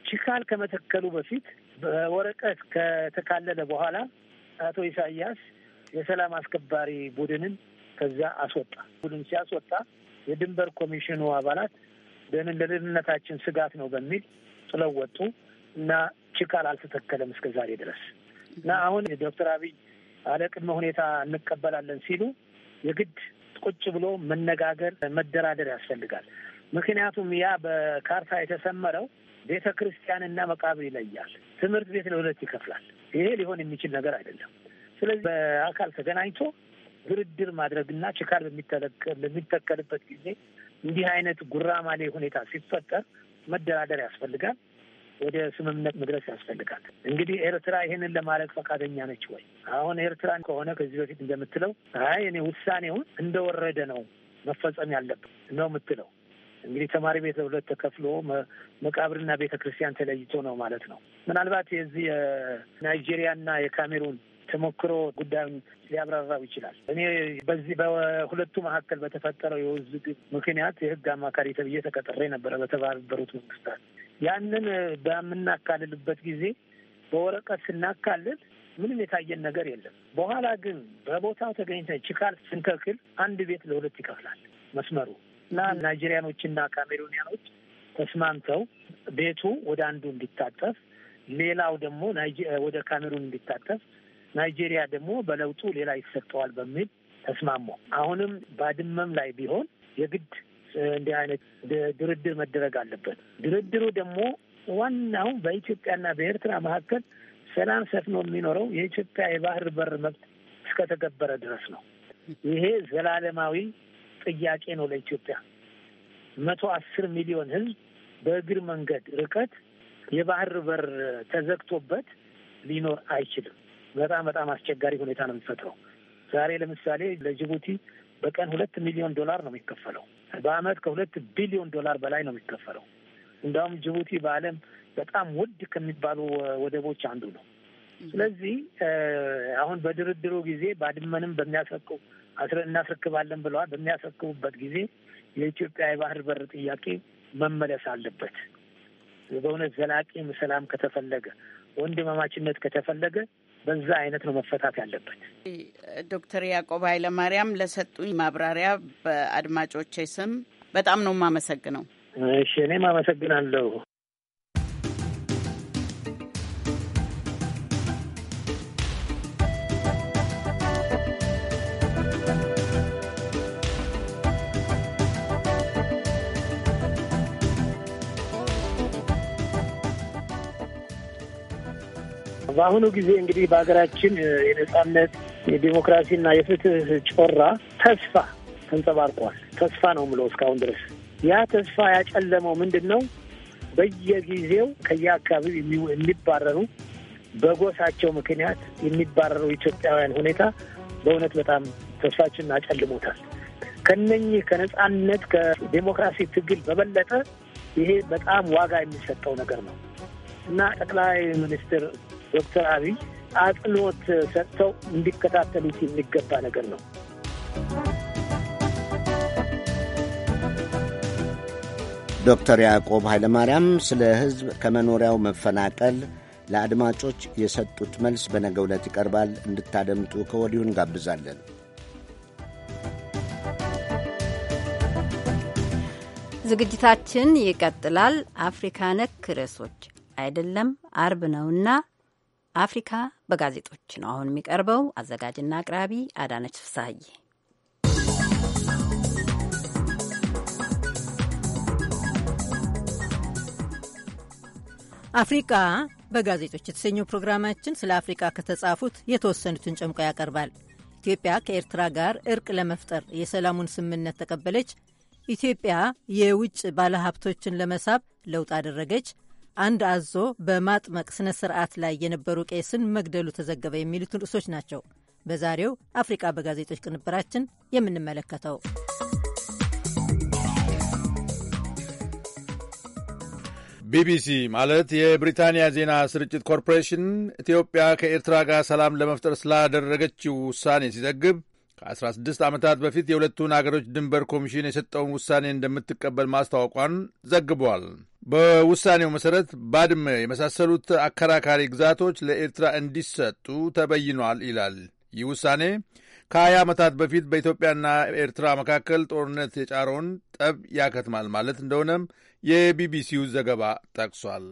ችካል ከመተከሉ በፊት በወረቀት ከተካለለ በኋላ አቶ ኢሳያስ የሰላም አስከባሪ ቡድንን ከዛ አስወጣ። ቡድን ሲያስወጣ የድንበር ኮሚሽኑ አባላት ለደህንነታችን ስጋት ነው በሚል ጥለው ወጡ እና ችካል አልተተከለም እስከ ዛሬ ድረስ እና አሁን ዶክተር አብይ አለቅድመ ሁኔታ እንቀበላለን ሲሉ የግድ ቁጭ ብሎ መነጋገር፣ መደራደር ያስፈልጋል። ምክንያቱም ያ በካርታ የተሰመረው ቤተ ክርስቲያንና መቃብር ይለያል። ትምህርት ቤት ለሁለት ይከፍላል። ይሄ ሊሆን የሚችል ነገር አይደለም። ስለዚህ በአካል ተገናኝቶ ድርድር ማድረግና ችካል በሚተከልበት ጊዜ እንዲህ አይነት ጉራማሌ ሁኔታ ሲፈጠር መደራደር ያስፈልጋል። ወደ ስምምነት መድረስ ያስፈልጋል። እንግዲህ ኤርትራ ይህንን ለማድረግ ፈቃደኛ ነች ወይ? አሁን ኤርትራ ከሆነ ከዚህ በፊት እንደምትለው አይ እኔ ውሳኔውን እንደወረደ ነው መፈጸም ያለብን ነው የምትለው። እንግዲህ ተማሪ ቤት ለሁለት ተከፍሎ መቃብርና ቤተ ክርስቲያን ተለይቶ ነው ማለት ነው። ምናልባት የዚህ የናይጄሪያና የካሜሩን ተሞክሮ ጉዳዩን ሊያብራራው ይችላል። እኔ በዚህ በሁለቱ መካከል በተፈጠረው የውዝግ ምክንያት የህግ አማካሪ ተብዬ ተቀጥሬ ነበረ በተባበሩት መንግስታት። ያንን በምናካልልበት ጊዜ በወረቀት ስናካልል ምንም የታየን ነገር የለም። በኋላ ግን በቦታው ተገኝተን ችካል ስንከክል አንድ ቤት ለሁለት ይከፍላል መስመሩ እና ናይጄሪያኖችና ካሜሩኒያኖች ተስማምተው ቤቱ ወደ አንዱ እንዲታጠፍ ሌላው ደግሞ ወደ ካሜሩን እንዲታጠፍ ናይጄሪያ ደግሞ በለውጡ ሌላ ይሰጠዋል በሚል ተስማሙ። አሁንም ባድመም ላይ ቢሆን የግድ እንዲህ አይነት ድርድር መደረግ አለበት። ድርድሩ ደግሞ ዋናው በኢትዮጵያና በኤርትራ መካከል ሰላም ሰፍኖ የሚኖረው የኢትዮጵያ የባህር በር መብት እስከተገበረ ድረስ ነው። ይሄ ዘላለማዊ ጥያቄ ነው ለኢትዮጵያ። መቶ አስር ሚሊዮን ህዝብ በእግር መንገድ ርቀት የባህር በር ተዘግቶበት ሊኖር አይችልም። በጣም በጣም አስቸጋሪ ሁኔታ ነው የሚፈጥረው። ዛሬ ለምሳሌ ለጅቡቲ በቀን ሁለት ሚሊዮን ዶላር ነው የሚከፈለው። በአመት ከሁለት ቢሊዮን ዶላር በላይ ነው የሚከፈለው። እንዲሁም ጅቡቲ በዓለም በጣም ውድ ከሚባሉ ወደቦች አንዱ ነው። ስለዚህ አሁን በድርድሩ ጊዜ ባድመንም አስረ እናስረክባለን ብለዋል። በሚያስረክቡበት ጊዜ የኢትዮጵያ የባህር በር ጥያቄ መመለስ አለበት። በእውነት ዘላቂ ሰላም ከተፈለገ፣ ወንድማማችነት ከተፈለገ በዛ አይነት ነው መፈታት ያለበት። ዶክተር ያዕቆብ ኃይለማርያም ለሰጡኝ ማብራሪያ በአድማጮቼ ስም በጣም ነው የማመሰግነው። እሺ እኔም አመሰግናለሁ። በአሁኑ ጊዜ እንግዲህ በሀገራችን የነጻነት የዲሞክራሲና የፍትህ ጮራ ተስፋ ተንጸባርቋል። ተስፋ ነው ምለው እስካሁን ድረስ ያ ተስፋ ያጨለመው ምንድን ነው? በየጊዜው ከየአካባቢው የሚባረሩ በጎሳቸው ምክንያት የሚባረሩ ኢትዮጵያውያን ሁኔታ በእውነት በጣም ተስፋችን አጨልሞታል። ከነኚህ ከነጻነት ከዴሞክራሲ ትግል በበለጠ ይሄ በጣም ዋጋ የሚሰጠው ነገር ነው እና ጠቅላይ ሚኒስትር ዶክተር አብይ አጥኖት ሰጥተው እንዲከታተሉት የሚገባ ነገር ነው። ዶክተር ያዕቆብ ኃይለማርያም ስለ ሕዝብ ከመኖሪያው መፈናቀል ለአድማጮች የሰጡት መልስ በነገ ዕለት ይቀርባል። እንድታደምጡ ከወዲሁ እንጋብዛለን። ዝግጅታችን ይቀጥላል። አፍሪካ ነክ ርዕሶች አይደለም አርብ ነውና አፍሪካ በጋዜጦች ነው አሁን የሚቀርበው። አዘጋጅና አቅራቢ አዳነች ፍሳሐዬ። አፍሪቃ በጋዜጦች የተሰኘው ፕሮግራማችን ስለ አፍሪቃ ከተጻፉት የተወሰኑትን ጨምቆ ያቀርባል። ኢትዮጵያ ከኤርትራ ጋር እርቅ ለመፍጠር የሰላሙን ስምምነት ተቀበለች፣ ኢትዮጵያ የውጭ ባለሀብቶችን ለመሳብ ለውጥ አደረገች፣ አንድ አዞ በማጥመቅ ስነ ስርዓት ላይ የነበሩ ቄስን መግደሉ ተዘገበ የሚሉትን ርዕሶች ናቸው በዛሬው አፍሪቃ በጋዜጦች ቅንብራችን የምንመለከተው። ቢቢሲ ማለት የብሪታንያ ዜና ስርጭት ኮርፖሬሽን ኢትዮጵያ ከኤርትራ ጋር ሰላም ለመፍጠር ስላደረገችው ውሳኔ ሲዘግብ ከ16 ዓመታት በፊት የሁለቱን አገሮች ድንበር ኮሚሽን የሰጠውን ውሳኔ እንደምትቀበል ማስታወቋን ዘግቧል። በውሳኔው መሠረት ባድመ የመሳሰሉት አከራካሪ ግዛቶች ለኤርትራ እንዲሰጡ ተበይኗል ይላል። ይህ ውሳኔ ከ20 ዓመታት በፊት በኢትዮጵያና ኤርትራ መካከል ጦርነት የጫረውን ጠብ ያከትማል ማለት እንደሆነም የቢቢሲው ዘገባ ጠቅሷል።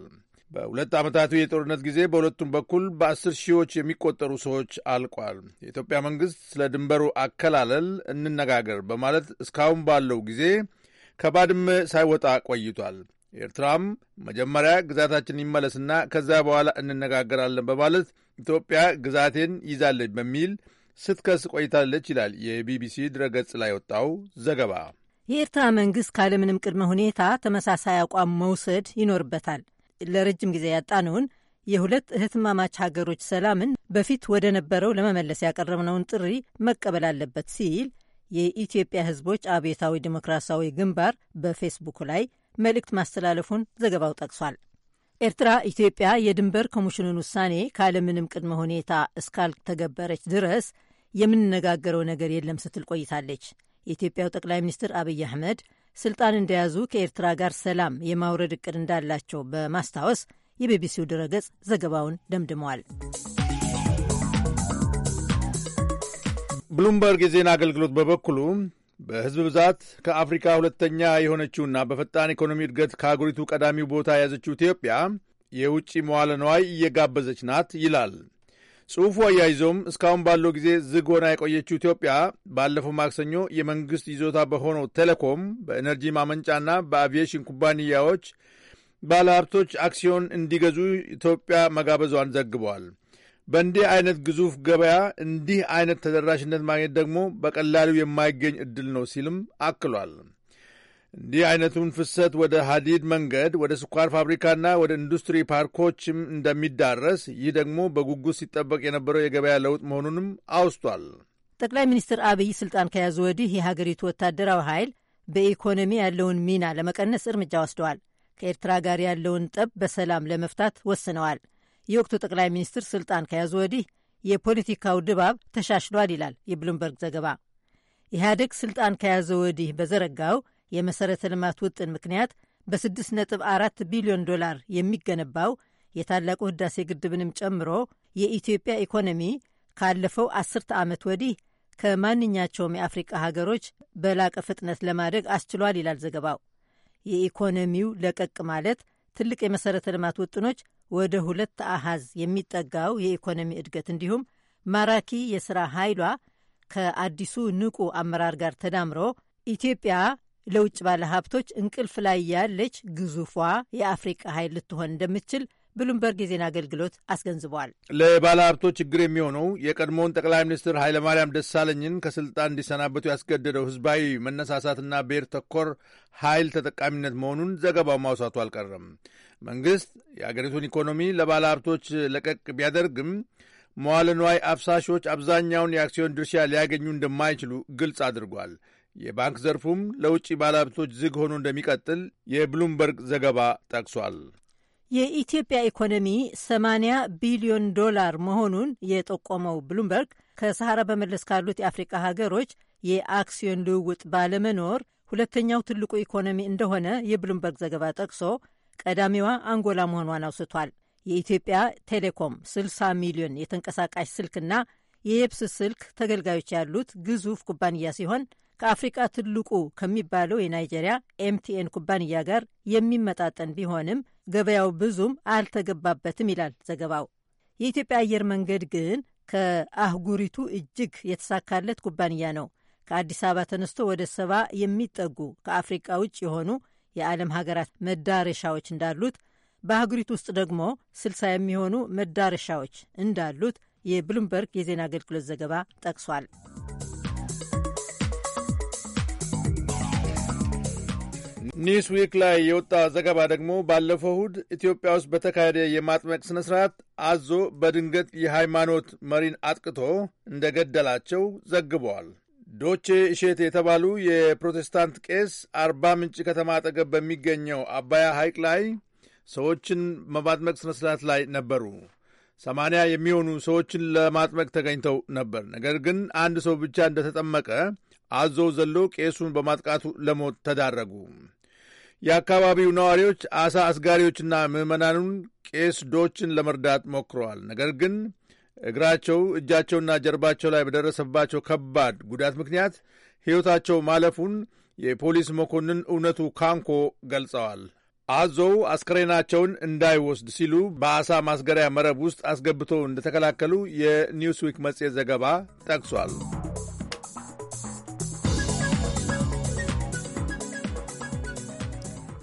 በሁለት ዓመታቱ የጦርነት ጊዜ በሁለቱም በኩል በአስር ሺዎች የሚቆጠሩ ሰዎች አልቋል። የኢትዮጵያ መንግሥት ስለ ድንበሩ አከላለል እንነጋገር በማለት እስካሁን ባለው ጊዜ ከባድመ ሳይወጣ ቆይቷል። ኤርትራም መጀመሪያ ግዛታችን ይመለስና ከዚያ በኋላ እንነጋገራለን በማለት ኢትዮጵያ ግዛቴን ይዛለች በሚል ስትከስ ቆይታለች ይላል የቢቢሲ ድረገጽ ላይ ወጣው ዘገባ። የኤርትራ መንግሥት ካለምንም ቅድመ ሁኔታ ተመሳሳይ አቋም መውሰድ ይኖርበታል። ለረጅም ጊዜ ያጣነውን የሁለት እህትማማች ሀገሮች ሰላምን በፊት ወደ ነበረው ለመመለስ ያቀረብነውን ጥሪ መቀበል አለበት ሲል የኢትዮጵያ ሕዝቦች አብዮታዊ ዲሞክራሲያዊ ግንባር በፌስቡክ ላይ መልእክት ማስተላለፉን ዘገባው ጠቅሷል። ኤርትራ ኢትዮጵያ የድንበር ኮሚሽኑን ውሳኔ ካለምንም ቅድመ ሁኔታ እስካልተገበረች ድረስ የምንነጋገረው ነገር የለም ስትል ቆይታለች። የኢትዮጵያው ጠቅላይ ሚኒስትር አብይ አህመድ ስልጣን እንደያዙ ከኤርትራ ጋር ሰላም የማውረድ እቅድ እንዳላቸው በማስታወስ የቢቢሲው ድረገጽ ዘገባውን ደምድመዋል። ብሉምበርግ የዜና አገልግሎት በበኩሉ በሕዝብ ብዛት ከአፍሪካ ሁለተኛ የሆነችውና በፈጣን ኢኮኖሚ እድገት ከአገሪቱ ቀዳሚው ቦታ የያዘችው ኢትዮጵያ የውጭ መዋለ ነዋይ እየጋበዘች ናት ይላል። ጽሑፉ አያይዞም እስካሁን ባለው ጊዜ ዝግ ሆና የቆየችው ኢትዮጵያ ባለፈው ማክሰኞ የመንግሥት ይዞታ በሆነው ቴሌኮም፣ በኤነርጂ ማመንጫና በአቪዬሽን ኩባንያዎች ባለሀብቶች አክሲዮን እንዲገዙ ኢትዮጵያ መጋበዟን ዘግቧል። በእንዲህ አይነት ግዙፍ ገበያ እንዲህ አይነት ተደራሽነት ማግኘት ደግሞ በቀላሉ የማይገኝ እድል ነው ሲልም አክሏል። እንዲህ አይነቱን ፍሰት ወደ ሀዲድ መንገድ፣ ወደ ስኳር ፋብሪካና ወደ ኢንዱስትሪ ፓርኮችም እንደሚዳረስ፣ ይህ ደግሞ በጉጉት ሲጠበቅ የነበረው የገበያ ለውጥ መሆኑንም አውስቷል። ጠቅላይ ሚኒስትር አብይ ስልጣን ከያዙ ወዲህ የሀገሪቱ ወታደራዊ ኃይል በኢኮኖሚ ያለውን ሚና ለመቀነስ እርምጃ ወስደዋል። ከኤርትራ ጋር ያለውን ጠብ በሰላም ለመፍታት ወስነዋል። የወቅቱ ጠቅላይ ሚኒስትር ስልጣን ከያዙ ወዲህ የፖለቲካው ድባብ ተሻሽሏል ይላል የብሉምበርግ ዘገባ። ኢህአዴግ ስልጣን ከያዘ ወዲህ በዘረጋው የመሠረተ ልማት ውጥን ምክንያት በ6.4 ቢሊዮን ዶላር የሚገነባው የታላቁ ህዳሴ ግድብንም ጨምሮ የኢትዮጵያ ኢኮኖሚ ካለፈው አስርተ ዓመት ወዲህ ከማንኛቸውም የአፍሪቃ ሀገሮች በላቀ ፍጥነት ለማደግ አስችሏል ይላል ዘገባው። የኢኮኖሚው ለቀቅ ማለት ትልቅ የመሠረተ ልማት ውጥኖች ወደ ሁለት አሃዝ የሚጠጋው የኢኮኖሚ እድገት እንዲሁም ማራኪ የሥራ ኃይሏ ከአዲሱ ንቁ አመራር ጋር ተዳምሮ ኢትዮጵያ ለውጭ ባለሀብቶች እንቅልፍ ላይ ያለች ግዙፏ የአፍሪቃ ኃይል ልትሆን እንደምትችል ብሉምበርግ የዜና አገልግሎት አስገንዝቧል። ለባለሀብቶች ችግር የሚሆነው የቀድሞውን ጠቅላይ ሚኒስትር ኃይለማርያም ደሳለኝን ከስልጣን እንዲሰናበቱ ያስገደደው ህዝባዊ መነሳሳትና ብሔር ተኮር ኃይል ተጠቃሚነት መሆኑን ዘገባው ማውሳቱ አልቀረም። መንግስት የአገሪቱን ኢኮኖሚ ለባለሀብቶች ለቀቅ ቢያደርግም መዋለ ንዋይ አፍሳሾች አብዛኛውን የአክሲዮን ድርሻ ሊያገኙ እንደማይችሉ ግልጽ አድርጓል። የባንክ ዘርፉም ለውጭ ባለሀብቶች ዝግ ሆኖ እንደሚቀጥል የብሉምበርግ ዘገባ ጠቅሷል። የኢትዮጵያ ኢኮኖሚ 80 ቢሊዮን ዶላር መሆኑን የጠቆመው ብሉምበርግ ከሰሐራ በመለስ ካሉት የአፍሪቃ ሀገሮች የአክሲዮን ልውውጥ ባለመኖር ሁለተኛው ትልቁ ኢኮኖሚ እንደሆነ የብሉምበርግ ዘገባ ጠቅሶ ቀዳሚዋ አንጎላ መሆኗን አውስቷል። የኢትዮጵያ ቴሌኮም 60 ሚሊዮን የተንቀሳቃሽ ስልክና የየብስ ስልክ ተገልጋዮች ያሉት ግዙፍ ኩባንያ ሲሆን ከአፍሪቃ ትልቁ ከሚባለው የናይጄሪያ ኤምቲኤን ኩባንያ ጋር የሚመጣጠን ቢሆንም ገበያው ብዙም አልተገባበትም ይላል ዘገባው። የኢትዮጵያ አየር መንገድ ግን ከአህጉሪቱ እጅግ የተሳካለት ኩባንያ ነው። ከአዲስ አበባ ተነስቶ ወደ ሰባ የሚጠጉ ከአፍሪቃ ውጭ የሆኑ የዓለም ሀገራት መዳረሻዎች እንዳሉት በአህጉሪቱ ውስጥ ደግሞ ስልሳ የሚሆኑ መዳረሻዎች እንዳሉት የብሉምበርግ የዜና አገልግሎት ዘገባ ጠቅሷል። ዊክ ላይ የወጣ ዘገባ ደግሞ ባለፈው እሁድ ኢትዮጵያ ውስጥ በተካሄደ የማጥመቅ ስነ ስርዓት አዞ በድንገት የሃይማኖት መሪን አጥቅቶ እንደገደላቸው ዘግበዋል። ዶቼ እሼት የተባሉ የፕሮቴስታንት ቄስ አርባ ምንጭ ከተማ አጠገብ በሚገኘው አባያ ሐይቅ ላይ ሰዎችን በማጥመቅ ስነ ስርዓት ላይ ነበሩ። ሰማንያ የሚሆኑ ሰዎችን ለማጥመቅ ተገኝተው ነበር። ነገር ግን አንድ ሰው ብቻ እንደተጠመቀ አዞው ዘሎ ቄሱን በማጥቃቱ ለሞት ተዳረጉ። የአካባቢው ነዋሪዎች አሳ አስጋሪዎችና ምዕመናኑን ቄስዶችን ለመርዳት ሞክረዋል። ነገር ግን እግራቸው፣ እጃቸውና ጀርባቸው ላይ በደረሰባቸው ከባድ ጉዳት ምክንያት ሕይወታቸው ማለፉን የፖሊስ መኮንን እውነቱ ካንኮ ገልጸዋል። አዞው አስከሬናቸውን እንዳይወስድ ሲሉ በአሳ ማስገሪያ መረብ ውስጥ አስገብቶ እንደተከላከሉ የኒውስዊክ መጽሔት ዘገባ ጠቅሷል።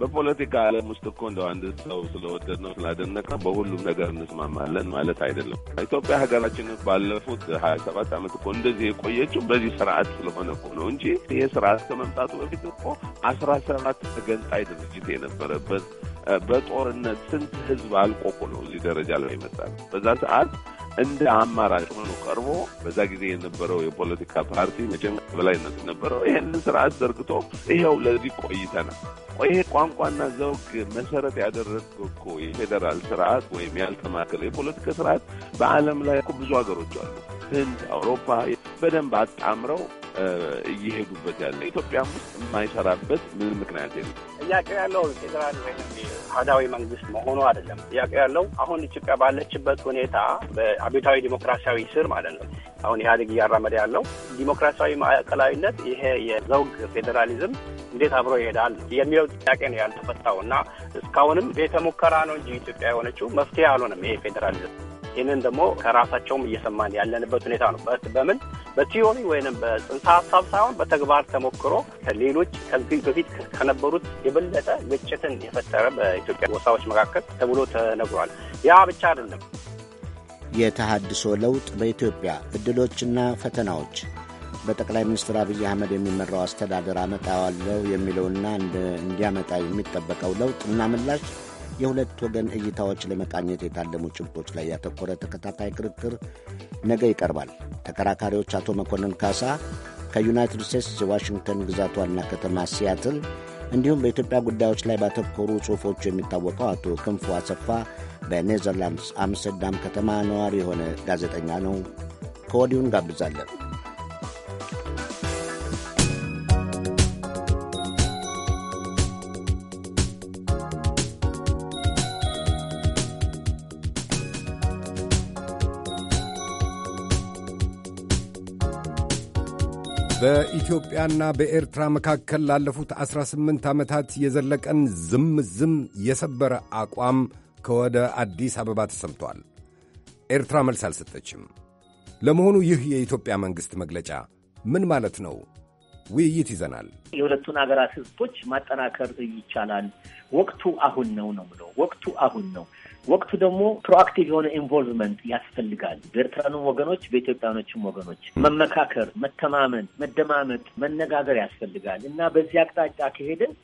በፖለቲካ ዓለም ውስጥ እኮ እንደው አንድ ሰው ስለወደድ ነው ስላደነቀ በሁሉም ነገር እንስማማለን ማለት አይደለም። ኢትዮጵያ ሀገራችን ባለፉት ሀያ ሰባት ዓመት እኮ እንደዚህ የቆየችው በዚህ ስርዓት ስለሆነ እኮ ነው እንጂ ይህ ስርዓት ከመምጣቱ በፊት እኮ አስራ ሰባት ተገንጣይ ድርጅት የነበረበት በጦርነት ስንት ህዝብ አልቆ እኮ ነው እዚህ ደረጃ ላይ ይመጣል። በዛ ሰዓት እንደ አማራጭ ሆኖ ቀርቦ በዛ ጊዜ የነበረው የፖለቲካ ፓርቲ መጀመሪያ በላይነት ነበረው። ይህንን ስርዓት ዘርግቶ ይኸው ለዚህ ቆይተናል። ይሄ ቋንቋና ዘውግ መሰረት ያደረገ እኮ የፌዴራል ስርዓት ወይም ያልተማከለ የፖለቲካ ስርዓት በዓለም ላይ ብዙ ሀገሮች አሉ። ህንድ፣ አውሮፓ በደንብ አጣምረው እየሄዱበት ያለ ኢትዮጵያም ውስጥ የማይሰራበት ምን ምክንያት የለም። ጥያቄ ያለው ፌዴራል ወይም ሀዳዊ መንግስት መሆኑ አይደለም። ጥያቄ ያለው አሁን ኢትዮጵያ ባለችበት ሁኔታ በአብዮታዊ ዲሞክራሲያዊ ስር ማለት ነው አሁን ኢህአዴግ እያራመደ ያለው ዲሞክራሲያዊ ማዕከላዊነት ይሄ የዘውግ ፌዴራሊዝም እንዴት አብሮ ይሄዳል የሚለው ጥያቄ ነው ያልተፈታው እና እስካሁንም ቤተ ሙከራ ነው እንጂ ኢትዮጵያ የሆነችው መፍትሄ አልሆነም ይሄ ፌዴራሊዝም ይህንን ደግሞ ከራሳቸውም እየሰማን ያለንበት ሁኔታ ነው። በምን በቲዮሪ ወይንም በጽንሰ ሀሳብ ሳይሆን በተግባር ተሞክሮ ከሌሎች ከዚህ በፊት ከነበሩት የበለጠ ግጭትን የፈጠረ በኢትዮጵያ ጎሳዎች መካከል ተብሎ ተነግሯል። ያ ብቻ አይደለም። የተሃድሶ ለውጥ በኢትዮጵያ እድሎችና ፈተናዎች በጠቅላይ ሚኒስትር አብይ አህመድ የሚመራው አስተዳደር አመጣዋለሁ የሚለውና እንዲያመጣ የሚጠበቀው ለውጥ እና ምላሽ የሁለት ወገን እይታዎች ለመቃኘት የታለሙ ጭብጦች ላይ ያተኮረ ተከታታይ ክርክር ነገ ይቀርባል። ተከራካሪዎች አቶ መኮንን ካሳ ከዩናይትድ ስቴትስ የዋሽንግተን ግዛት ዋና ከተማ ሲያትል እንዲሁም በኢትዮጵያ ጉዳዮች ላይ ባተኮሩ ጽሑፎቹ የሚታወቀው አቶ ክንፉ አሰፋ በኔዘርላንድስ አምስተርዳም ከተማ ነዋሪ የሆነ ጋዜጠኛ ነው። ከወዲሁ ጋብዛለን። በኢትዮጵያና በኤርትራ መካከል ላለፉት 18 ዓመታት የዘለቀን ዝም ዝም የሰበረ አቋም ከወደ አዲስ አበባ ተሰምቷል። ኤርትራ መልስ አልሰጠችም። ለመሆኑ ይህ የኢትዮጵያ መንግሥት መግለጫ ምን ማለት ነው? ውይይት ይዘናል። የሁለቱን ሀገራት ህዝቦች ማጠናከር ይቻላል። ወቅቱ አሁን ነው ነው ብለው ወቅቱ አሁን ነው። ወቅቱ ደግሞ ፕሮአክቲቭ የሆነ ኢንቮልቭመንት ያስፈልጋል። በኤርትራንም ወገኖች በኢትዮጵያኖችም ወገኖች መመካከር፣ መተማመን፣ መደማመጥ፣ መነጋገር ያስፈልጋል እና በዚህ አቅጣጫ ከሄድን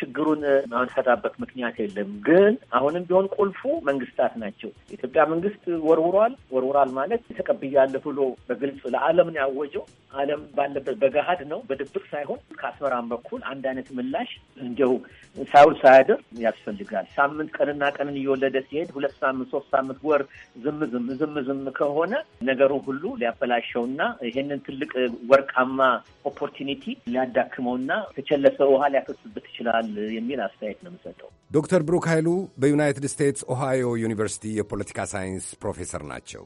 ችግሩን ማንሰራበት ምክንያት የለም። ግን አሁንም ቢሆን ቁልፉ መንግስታት ናቸው። የኢትዮጵያ መንግስት ወርውሯል። ወርውሯል ማለት ተቀብያለሁ ብሎ በግልጽ ለዓለም ነው ያወጀው። ዓለም ባለበት በገሀድ ነው በድብቅ ሳይሆን ከአስመራም በኩል አንድ አይነት ምላሽ እንዲሁ ሳይውል ሳያድር ያስፈልጋል። ሳምንት ቀንና ቀንን እየወለደ ሲሄድ ሁለት ሳምንት ሶስት ሳምንት ወር ዝም ዝም ዝም ዝም ከሆነ ነገሩ ሁሉ ሊያበላሸውና ይሄንን ትልቅ ወርቃማ ኦፖርቹኒቲ ሊያዳክመውና ተቸለሰ ውሃ ሊያፈስበት ይችላል። ይችላል የሚል አስተያየት ነው የምሰጠው። ዶክተር ብሩክ ኃይሉ በዩናይትድ ስቴትስ ኦሃዮ ዩኒቨርሲቲ የፖለቲካ ሳይንስ ፕሮፌሰር ናቸው።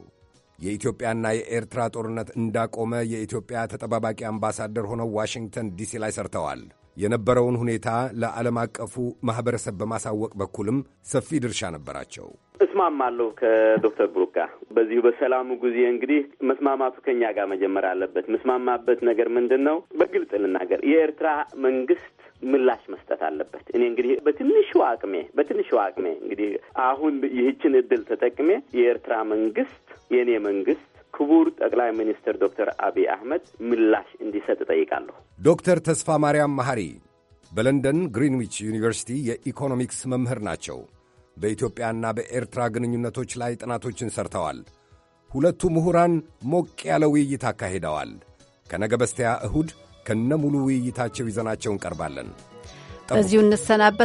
የኢትዮጵያና የኤርትራ ጦርነት እንዳቆመ የኢትዮጵያ ተጠባባቂ አምባሳደር ሆነው ዋሽንግተን ዲሲ ላይ ሰርተዋል። የነበረውን ሁኔታ ለዓለም አቀፉ ማኅበረሰብ በማሳወቅ በኩልም ሰፊ ድርሻ ነበራቸው። እስማማለሁ ከዶክተር ብሩክ ጋር በዚሁ በሰላሙ ጊዜ እንግዲህ መስማማቱ ከኛ ጋር መጀመር አለበት። መስማማበት ነገር ምንድን ነው? በግልጽ ልናገር፣ የኤርትራ መንግስት ምላሽ መስጠት አለበት። እኔ እንግዲህ በትንሹ አቅሜ በትንሹ አቅሜ እንግዲህ አሁን ይህችን እድል ተጠቅሜ የኤርትራ መንግስት የእኔ መንግስት ክቡር ጠቅላይ ሚኒስትር ዶክተር አብይ አህመድ ምላሽ እንዲሰጥ እጠይቃለሁ። ዶክተር ተስፋ ማርያም መሐሪ በለንደን ግሪንዊች ዩኒቨርሲቲ የኢኮኖሚክስ መምህር ናቸው። በኢትዮጵያና በኤርትራ ግንኙነቶች ላይ ጥናቶችን ሠርተዋል። ሁለቱ ምሁራን ሞቅ ያለ ውይይት አካሂደዋል። ከነገ በስቲያ እሁድ ከነ ሙሉ ውይይታቸው ይዘናቸው እንቀርባለን። በዚሁ እንሰናበት።